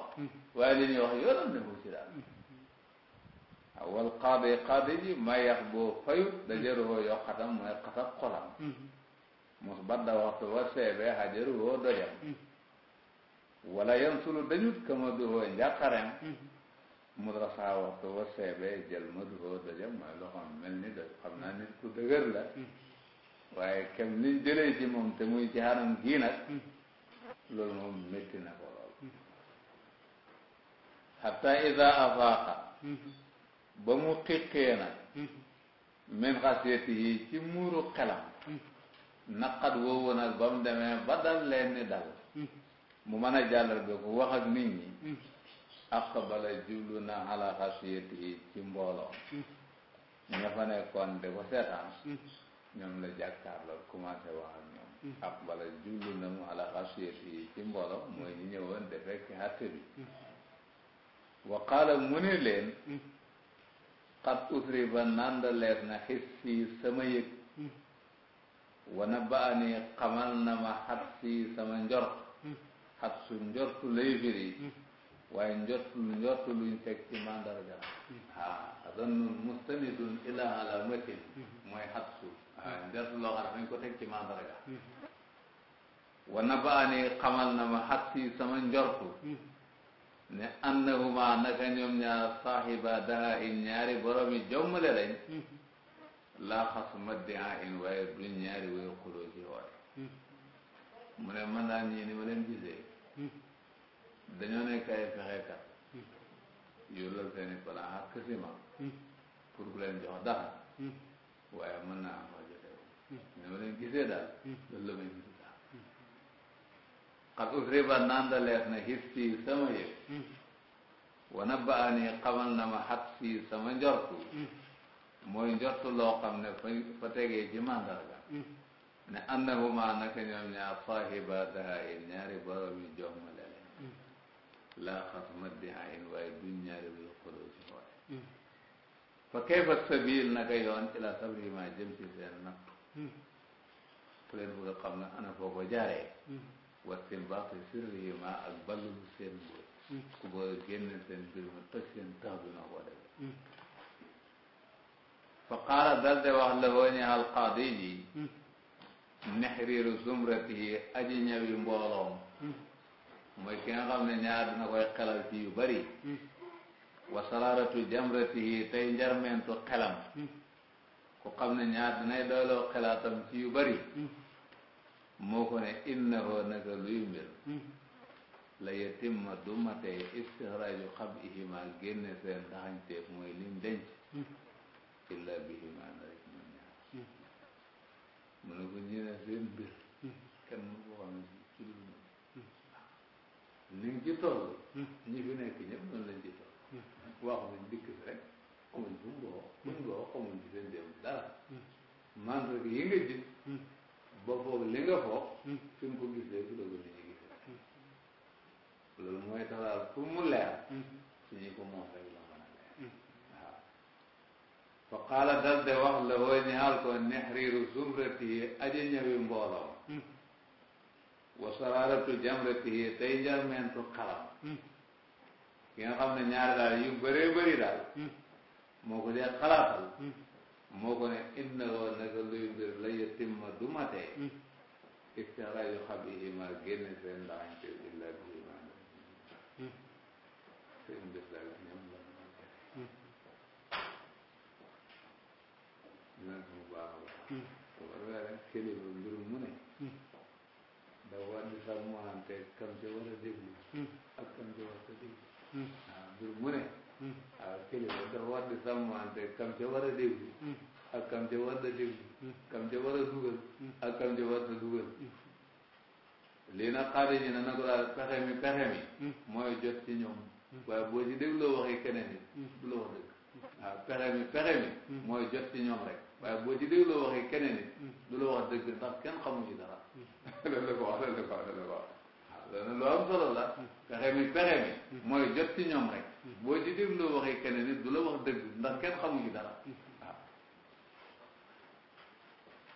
waaye li ñuy wax yoonam ne mu ci daal wal xaade xaade ji mayax boo fayut dajaruhoo yoo xatam mooy xatab xolam mos badda waxtu wa seebee xajaruhoo doyam wala yan sulu dañut kama duhoo njàqarem mudrasa wax ko wa seebee jël madhoo dajam mooy loxoom mel ni doj xam naa nit ku dëgër la waaye kem niñ jëlee ci moom te muy ci xaram gii nag loolu moom métti na ko lool xata ida afaaqa ba mu xiqee nag min xasiyati yi ci muuru xelam naqat woowu nag ba mu demee ba dal leen ni dal mu mën a jàllal ba ko wax ak nit ñi aqbala jublu na ala xasiyatihi ci mbooloo ña fa nekkoon de ko seetaan ñoom la jàkkaarloo commencé wax ak ñoom mu ala xasiyatihi ci mbooloo mooy ñu ñëwoon wa qaala mu ne leen qad usriba nandaleer na xis fii sama yëg wana ba ni xamal na ma xat fii sama njort xat waaye njortu njortu luñ teg ci mandarga hmm. ah adannun mustanidun ila alamatin hmm. mooy xatsu ah hmm. njortu loo xam ne dañ ko teg ci mandarga wa nabaani xamal na ma xatsi sama njortu ne annahuma naka ñoom ñaar saaxiba daha in ñaari boromi jommale lañ laa xasuma dia in waaye duñ ñaari wéy xuloo ci mu ne man daal ñii ni ma leen dañoo nekk ay yu lool seeni plan ak kësima pour ku leen jox dara waaye mën naa am wax ma leen gisee daal loolu la ma gis daal xat na xis si sama yëg wana ba ani na ma xat si sama njortu mooy njortu loo xam ne fa fa tegee ci màndarga ne annahuma naka ñaar saahiba daha in ñaari boromi jox laa xas maddi ayin waaye duñ ñaari wéy xoloo ci xoole hmm. fa kayfa sabil naka yoon ila sabri ma jëm ci seen nattu hmm. ku leen bëgg a xam ne ana foo ko jaaree hmm. wattin baaxi sirri yi ma ak ballulu seen mbóot ku bëgg a génne seen mbir ma toj seen tax bi noo ko defee fa qaala dal de wax la woo ñu alqaadi ji nexriiru zumratihi aji ñawi mbooloom mooy ki nga xam ne ñaar koy xelal ci yu bari wa sararatu jamratihi tey njarmeentu xelam ku xam ne ñaar dinay doyloo xelaatam ci yu bari moo ko ne innahu naka luy mbir la yetimma du matee istixraaju xabihima génne seen taxañteef mooy lim denc illa bihima na rek mu ne ko ñi ne seen mbir kenn ni mu ci toll. Hmm. ñi fi nekk ñëpp noonu lañ ci toll. Hmm. wax nañ dikk bi rek xamuñ fu mu boo buñ boo xamuñ ci seen démb dara. Hmm. mandarga yi nga gis. ba foog li nga foog. fi mu ko gisee su doog a nit ñi gisee. loolu mooy tax daal pour mu leer. suñu ko moom rek la mën a leer. waaw fa qaala dal de wax la woo ñaal ko nexriiru sumrati aji ñëwi mbooloo. wa sararatu jamratihi tey njarmeentu xalam hmm. ki nga xam ne ñaari daal yu bëree bëri daal hmm. moo ko dee xalaatal hmm. moo ko ne inna loo naka luy mbir la yetimma du matee istixraaju xabihima génne seen ndaxante illa bihima seen mbir daal ñoom la ñu nag mu baax la war nga rek kilifa mbir mu ne di sàmmante kam ci war a déglu ak kam ci war a déglu waaw mbir mu ne waaw kilifa dafa war di sàmmante kam ci war a déglu war a déglu kam ci war a dugal ak kam ci war a dugal lii na xaari ñi ne na ko daal pexe mi pexe mi mooy jot ci ñoom waaye boo ci dégloo waxi keneen yi du la wax dëgg waaw pexe mi mooy jot ci ñoom boo ci dégloo waxi keneen la wax dëgg ndax kenn xamuñu dara loolu la am solo la pexe mi pexe mi mooy jot ci ñoom rek boo ci dégloo waxi keneen nit du la wax dëgg ndax kenn xamu ci dara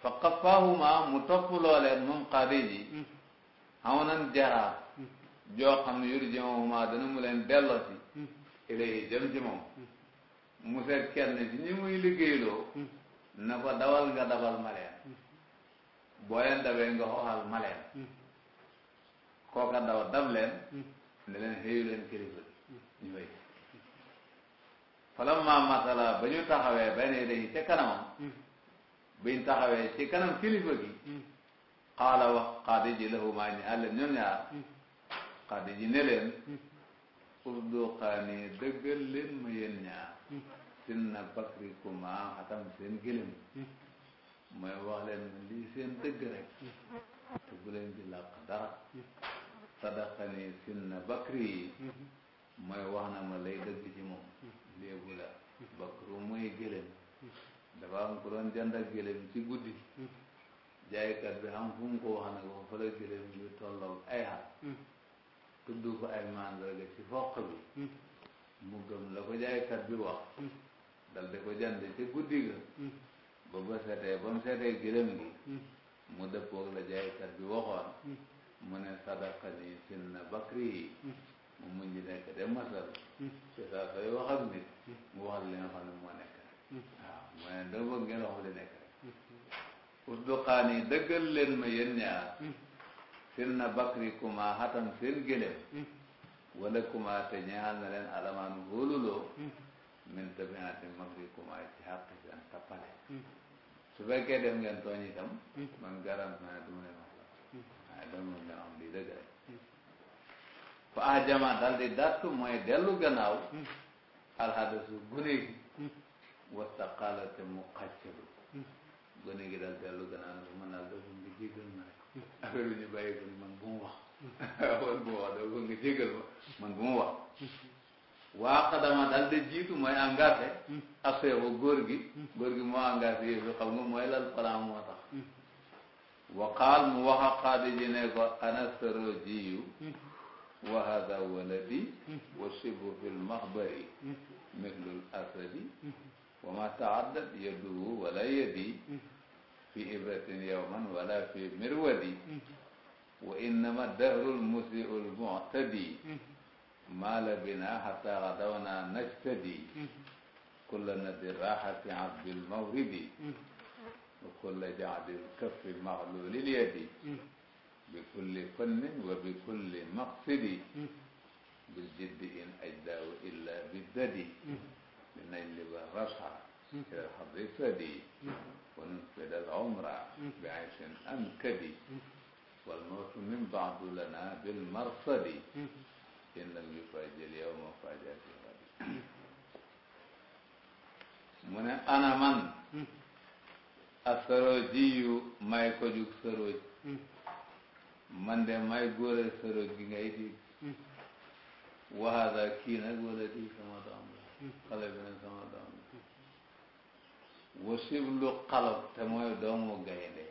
waaw fa xafaahuma mu topp looleen moom xaadi ji xaw nan jaraar joo xam ne yur jimahuma dana mu leen delloo si ilayi jëm ci moom mu seet kenn ci ñi muy liggéeyloo na ko dawal nga dawal ma boo leen dawee nga xooxal ma leen kooka daw dab leen ne leen ñu wéy falamma masala ba ñu taxawee benn yi ca kanamam biñ taxawee ci kanam kilifa gi xaala wax xaadi ji lahumaa ñi ñaar xaadi ji ne leen usduqaani dëggal leen ñaar hmm. sinna bakrikuma xatam seen gëlëm hmm. mooy wax leen lii seen dëgg rek te bu leen di làq dara sadaqani sinna bakri mooy wax na ma lay dëgg ci moom léebu la bakru mooy gëlëm dafa am ku doon jënd ak ci guddi jaaykat bi am fu ko wax ne ko fa la gëlëm yu tolloog ay xat tudd ko ay mandarga ci foq bi mu gëm la ko jaaykat bi wax dal di ko jënd ci guddi ga ba ba setee ba mu setee gërëm gi hmm. mu dëppoog la jaaykat bi waxoon hmm. mu ne sadaka ni sinna bakri yi hmm. mu muñ di nekk masal ci saa sooy wax ak nit mu wax li nga xam ne moo nekk rek mu ne dama bëgg ngeen wax li nekk rek usduqaan yi dëggal leen ma yéen a sinna bakri kuma xatam seen gëlëm wala kuma te ñaal na leen alamaan hóoluloo min tabinati magrikum ay ci xàq seen tappale su fekkee dem ngeen tooñ itam man garant naa du ma leen wax la waaye dama leen wax lii dëgg rek fa ajama dal di dattu mooy gannaaw alxadasu gune gi wastaqaala te mu xàccalu gune gi dal dellu gannaaw man daal dootu nga jégal ma rek bi ñu bàyyi ko man bu mu man bu mu wax dootu nga jégal man bu mu waa xadama daal de jiitu mooy engagé hmm. asee ba góor gi hmm. góor gi moo engagé yëfi xam nga mooy lal plan moo tax hmm. waqaal mu wax a xaadi ji ne ko ana saro jiyu wa hada waladi wa shibu fi lmaxbari mislul asadi wa ma taaddat yaduhu wala yadi fi ibratin yowman wala fi mirwadi wa innama dahrul musiu lmuctadi maala bina xata xadawna najtadi kulla nadi raxati abdil mawridi wa kulla jaadil kaffi maxlulil yadi bi kulli fannin wa bi kulli maqsidi bil jiddi in ajda wa illa biddadi dinañ li ba rasa ila alxadisadi wa nunfida al umra bi aysin ankadi wal mawtu min baadu lana bil marsadi innal yufajjil yawma fajjati mu ne ana man asarooji yu may ko jug sarooj hmm. man de may góoral sarooj gi ngay dig hmm. waxaasa kii na wala di sama doom la hmm. xale bi nag sama doom la wasib lu xalab te mooy doomu gaynde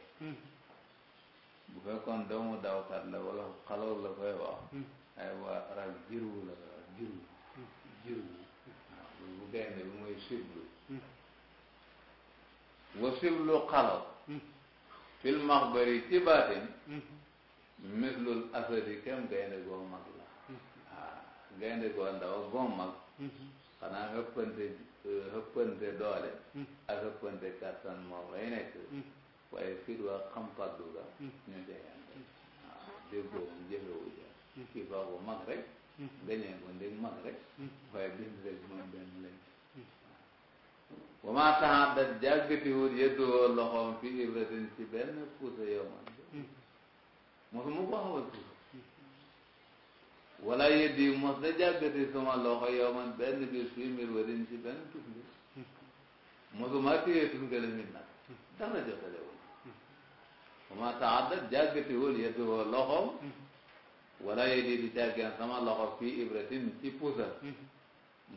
bu fekkoon doomu dawkat la wala xalaw la koy wax aywa rab jiru la rab jiru jiru waaw bu gaynde bi mooy siblu wa siblu xalaw fil maxbari ci baatin mislul asadi kem gaynde goo mag la gaynde goo ndaw ak goo mag xanaa doole ak xëppante kattan moom lay nekk waaye fit waa xam faddu ga ñu jegante waaw déggoo moom jëfewu kii boobu mag rek. gañee ko ndég mag rek. Mm-hmm. waaye rek moom benn lañ. Mm-hmm. wa maa taxaddat jàggatiwut yedduwoo loxoom fii ibratin ci benn puusa yow man. Mm-hmm. mosu mu ko xawal puusa. wala yeddi mos da jàggati sama loxo yow man benn bis fii mbir wadin ci benn tus mbir. mosuma téye tunkale mit nag. dara jotale woon. wa maa taxaddat wala yedi du caageen sama loxo fii ibratin ci pusa mhm.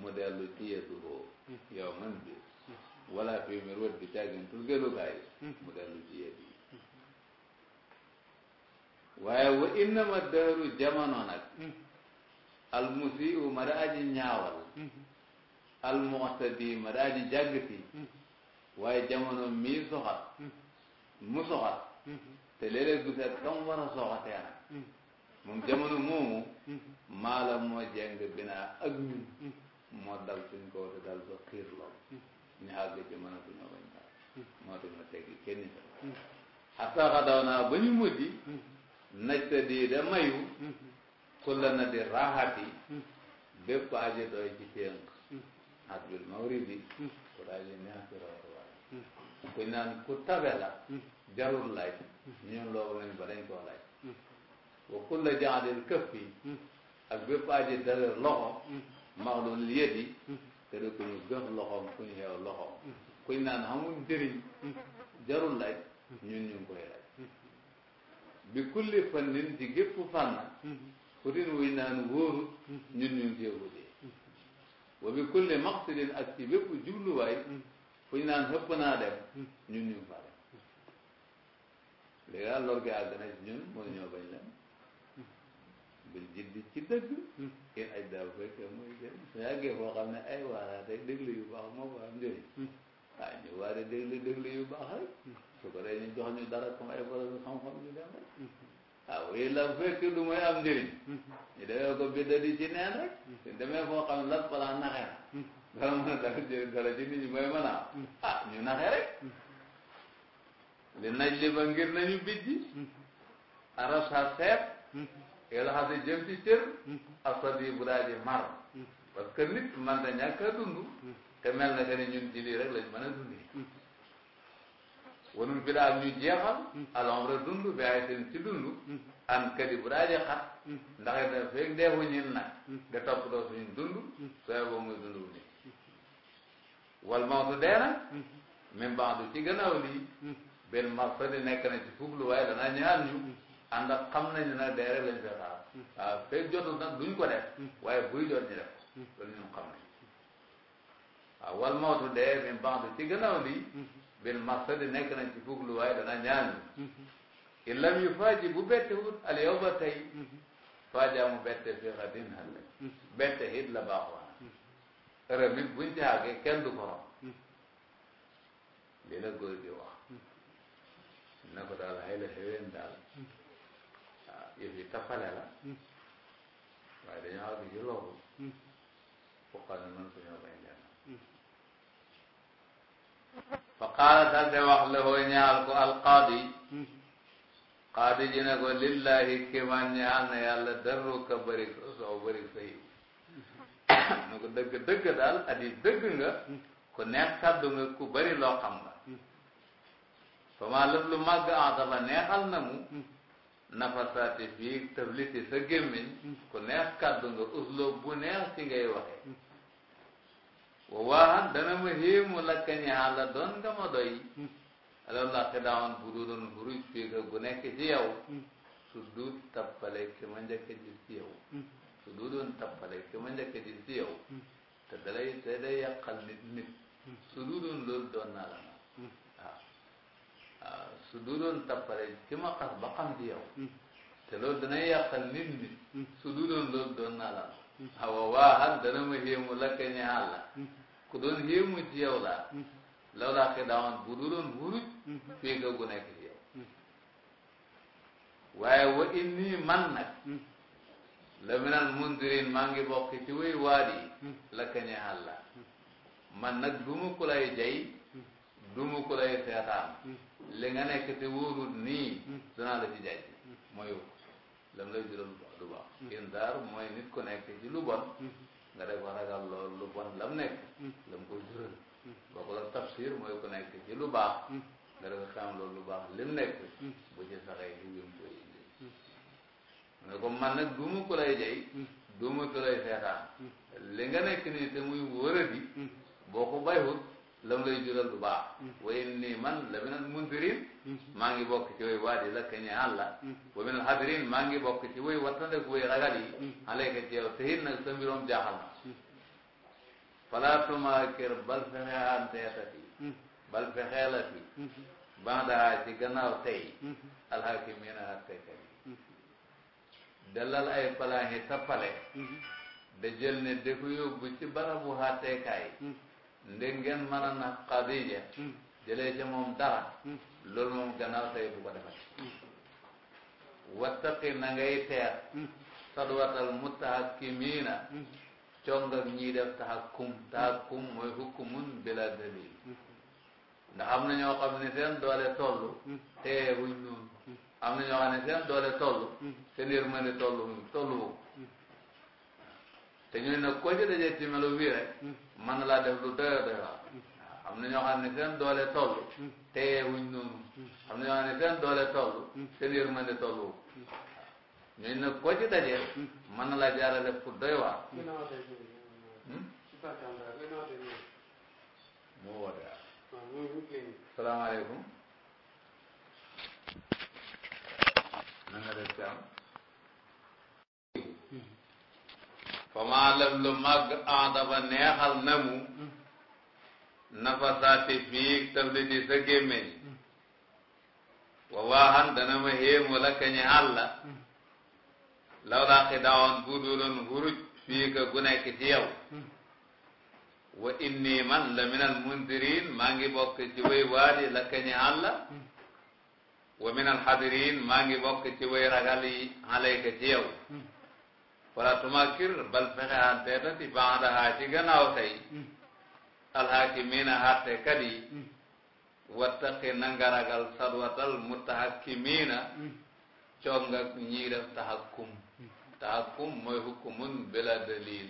mu ci yeduhoo mhm. yow man bi mhm. wala fii mir wët du caageen turgelukaay mu dellu ci yed yi waaye wa innama dëru jamono nag almusiu ma da aji ñaawal almuxtadi ma da aji jàggati waaye jamono mii soxat mu soxat te léeg-léeg du kam war a soxatee moom jamono moomu hmm. maala moo jeng binaa ak hmm. moo dal suñ kaw dal ba xiir lool hmm. ñu àgg ci mën a bu ñoo bañ daal moo tax ma teggi kenn sa xataa xadaw naa ba ñu mujji najta dii da mayu xulla na di raxati bépp aji doy ci pénk at bil mawridi ku daal li neex ci rawar waay ku naan ku tabe la laaj ñun loolu lañ ba dañ koo wa kulla jaadin këffi ak bépp aji dara loxo maxlul yedi te da ku ñu gëf kuñ naan xamul njëriñ jarul laaj ñun ñu bi kulli fannin ci gépp fànna xutin wuñ naan wóorut ñun ñu ngi ceewutee wa bi kulli maqsidin ak ci bépp jubluwaay fuñ naan xëpp naa dem ñun ñu ngi fa lor gi àgg na ñun mënu ñoo bañ leen bil jiddi ci dëgg in aj daa fekke muy jëriñ su yàggee foo xam ne ay waaraate déglu yu baax moo ko am njëriñ ah ñu waare déglu déglu yu baax rek su ko dee jox ñu dara comme ay borom xam-xam ñu dem rek ah la fekk du am njëriñ ñu demee ko bidda pala naxe na dara mën a dara jëriñ dara ci nit ñi mooy mën a ah ñu naxe rek li naj li ba ngir ilaxasi jëm ci cër mm-hmm. asadi bu daal di mar mm-hmm. parce que nit man da ñàkk a dund mm-hmm. te mel na que ni ñun ci rek lañ mën a dundee wanun fi daal ñu jeexal alombre dund bi ay seen ci dund an kadi bu daal di xat ndax da feeg deefu ñin nag da toppatoo suñu dund sooy boo dund bu nit wal mawtu dee nag même baax du ci gannaaw lii benn mar sa di nekk na ci fuglu waaye danaa ñaan ñu ànd ak xam nañu ne deere lañ fay xaar waaw fekk jotul nag duñ ko def waaye buy jot ñu def ko loolu ñun xam nañu waaw wal mawtu dee min ba'du ci gannaaw lii hmm. bil marsadi nekk nañ ci fuglu waaye dana ñaan hmm. illam yu faaji bu bette wut al yow ba tey hmm. faajaa mu bette fi xadin halle bette it la baaxoona ërëm it buñ ci àggee kenn du ko rom la góor gi wax na ko daal xëy la xeween yëf yi tappale la hmm. waaye dañoo àgg ci loolu hmm. fuqaa ne mën suñoo bañ leen hmm. fa qaala dal de wax la hoo ñaal ko alqaadi qaadi ji ne ko lillahi kiman ñaal na yàlla darru ka bëri sa soow bëri sa yiw ne ko dëgg dëgg daal adi nga ku neex kàddu nga ku bëri loo xam nga fa maa lëf lu màgg en dafa neexal na mu nafasaati fii tabliti sa gémmiñ ku neex kàddu nga usloob bu neex ci ngay waxe wa waaxan dana ma héemu lakka ñaxaa la doon nga ma doy alaw la xidaawan bu duudoon huruj fii ka gu nekk ci yow su duut tappale ki ma njëkk gis ci yow su duudoon tappale ki ma njëkk gis ci yow te dalay te day yàqal nit nit su duudoon loolu doon naa la su duudoon tappare ki ma xas ba xam hmm. ci yow te danay yàqal nit ñi hmm. su duudoon doon naa la hmm. awa waaxal dana ma xéemu lakka ñaal la ku doon xéemu ci yow la law laa xi daawoon bu fii nga gu nekk ci yow waaye wa inni man nag la minal mundirin maa ngi ci wéy waal yi lakka ñaal la man nag du ku lay jay du ku lay seetaan li nga nekk te wóorul nii danaa la ci jaaj mooy wu lam lay jural du baax inzaar mm-hmm. mooy nit ku nekk ci lu bon mm-hmm. nga def ko ragal loolu lu bon lam nekk mm-hmm. lam ko jural booku la tafsir mooy ku nekk ci lu baax nga def ko xam loolu lu baax lim nekk bu ci saxee yi yum koy indi mu ne ko man nag duumu ku lay jay duumu ku lay seetaan li nga nekk nii te muy wóoradi boo ko bayut lam lay jural du baax mm. wa inni man la minal mundirin mm. maa ngi bokk ci way waa di lakka ñe mm. wa minal hadirin maa ngi bokk ci way wattandeku way ragal yi alayka ci yow tahit nag sa jaaxal na fala tumaakir bal fexeanteetati bal fexeelati bandahaa ci gannaaw tey alhakimina attekat yi dalal ay palaaxi tappale da jël ne da ko yóbbu ci barabu xàtteekaay nde ngeen mën a nag Xadija hmm. jëlee ca moom dara hmm. loolu moom gannaaw tey bu ko defati hmm. wattaqi na ngay teer sadwatal mutahakkimiina cong ak ñiy def tahakkum tahakkum mooy hukkumun bila dalil am na ñoo xam ne seen doole toll teye wuñ noonu am na ñoo xam ne seen doole toll seen yërmande toll tollu te ñu ne ko ci dajee ci melo wii rek man na laa def lu doyoo doyoo waaw am na ñoo xam ne seen doole toll teye wuñ noonu am na ñoo xam ne seen doole toll seen yërmande toll wu ñooñu nag koo ci dajeel mën na laa jaarale pour doy waar moo hmm? woote waaw na nga def jàmm fama lëf lu màgg anda ba neexal na mu nafasaati fii tafli di sa gémmeñ wa waaxan dana ma héemu la kañi àlla law laa xidaawoon bu duloon huruj fii ka gu nekk ci wa inni man la minal mundirin maa ngi bokk ci way waali la kañi àlla wa minal xadirin maa ngi bokk ci way ragal yi alayka ci yow wala tumakir bal fexe hanteetati baandahaa ci gannaaw tey hmm. alhakimina àttekat yi hmm. wattaqi na nga ragal sadwatal mutahakkimina hmm. coog nga ñiy def tahakkum mooy hukkumun bila dalil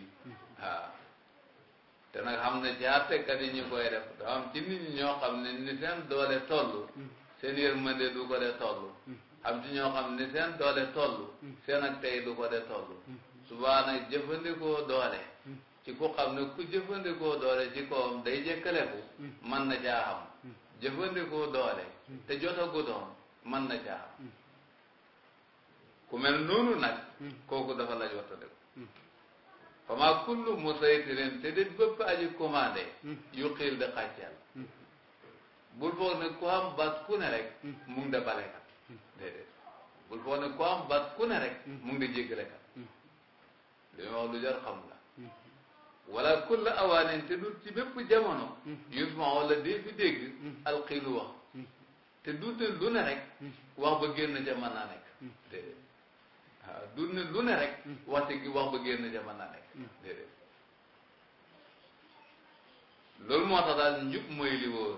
te nag xam ne ci àttekat yi ñu koy def dafa ci nit ñi ñoo xam ni seen doole toll seen yërmande du ko de toll am ci ñoo xam ne seen doole toll seen ak tey du ko de toll subaa nag jëfandikoo doole hmm. ci ku xam ne ku jëfandikoo doole ci kawam day jëkkaleku hmm. man na caa xam hmm. jëfandikoo doole te jotagutoon man na caa xam ku mel noonu nag kooku dafa laaj wattandiku fama kullu musaytirin te dit bëpp aji commandé yu xiil de xàcceel bul foog ne ku am bas rek mu ngi de balekat déedéet bul ne ku am bas rek mu ngi de li ma wax lu jar xam la wala kulla te du ci bépp jamono yusma wala dee fi dégg alxiilu wax te du ne rek wax ba génn ja mën naa nekk déedéet waaw du ne lu gi wax ba génn ja mën naa nekk moo tax daal njub mooy li wóor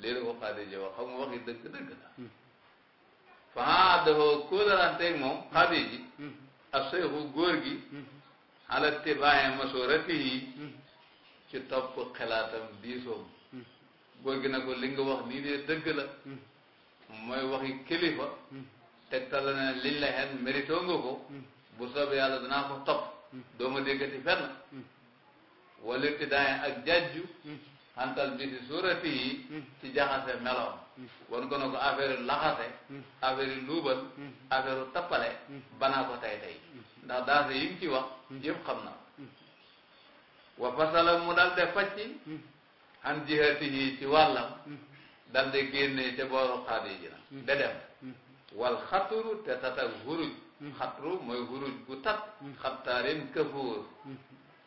lii la ko xaadija wax xam nga waxi dëgg dëgg la faa dafa kóolarante ak moom xaadiji asseexu hmm. hmm. hmm. góor gi xale tibaayam masoorati yi ci topp xelaatam diisoom góor gi na ko li nga wax nii de dëgg mooy wax kilifa tegtal la ne liñ la xen mérito nga ko bu soobee yàlla danaa ko topp doo ma déggati fenn wala ti daay ak jajju xantal bi si suurati yi ci jaxase wan ko ne ko affaire laxase hmm. affaire luubal hmm. affaire tappale hmm. banaa ko tay tay ndax daase yi mu ci wax yëpp xam na wa fasala mu dal de facci an jihatihi ci wàllam dal de génne ca booru Xadija de dem wal xaturu te tat huruj xatru mooy huruj bu tat xattaarin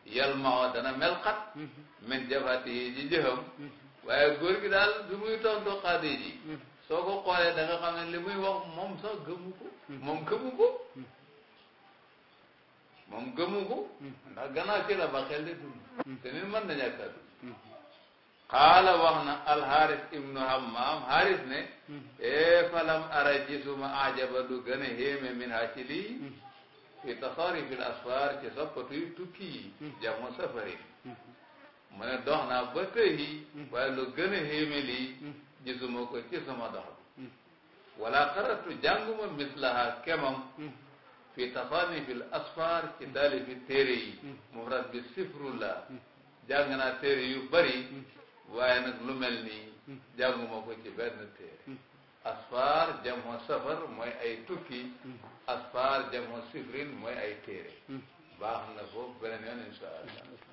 yal ma dana mel xat min jafatihi ci jëxam waaye góor gi daal bi muy tontu xaadi hmm. soo ko xoolee da nga li muy wax moom sax gëmu ko hmm. moom gëmu ko hmm. moom gëmu ba xel di dund te nit na ñàkk a wax na alxaaris ibnu hammam xaaris ne ee falam ara gisuma ajaba du gën a xéeme min ha ci lii fi tasarif al asfar ci soppatuy tukki yi jamo safari mu ne dox naa ba tëhi mm-hmm. waaye lu gën a xéeme lii mm-hmm. gisuma ko ci sama dox bi mm-hmm. wala xaratu jànguma mislaha kemam fi tasaanifi l asfar ci daali fi téere yi mufrad bi sifrullah jàng naa téere yu bari waaye nag lu mel nii ko ci benn téere asfar jamoo safar mooy ay tukki asfar jamoo sifrin mooy ay téere baax na foofu beneen yoon incha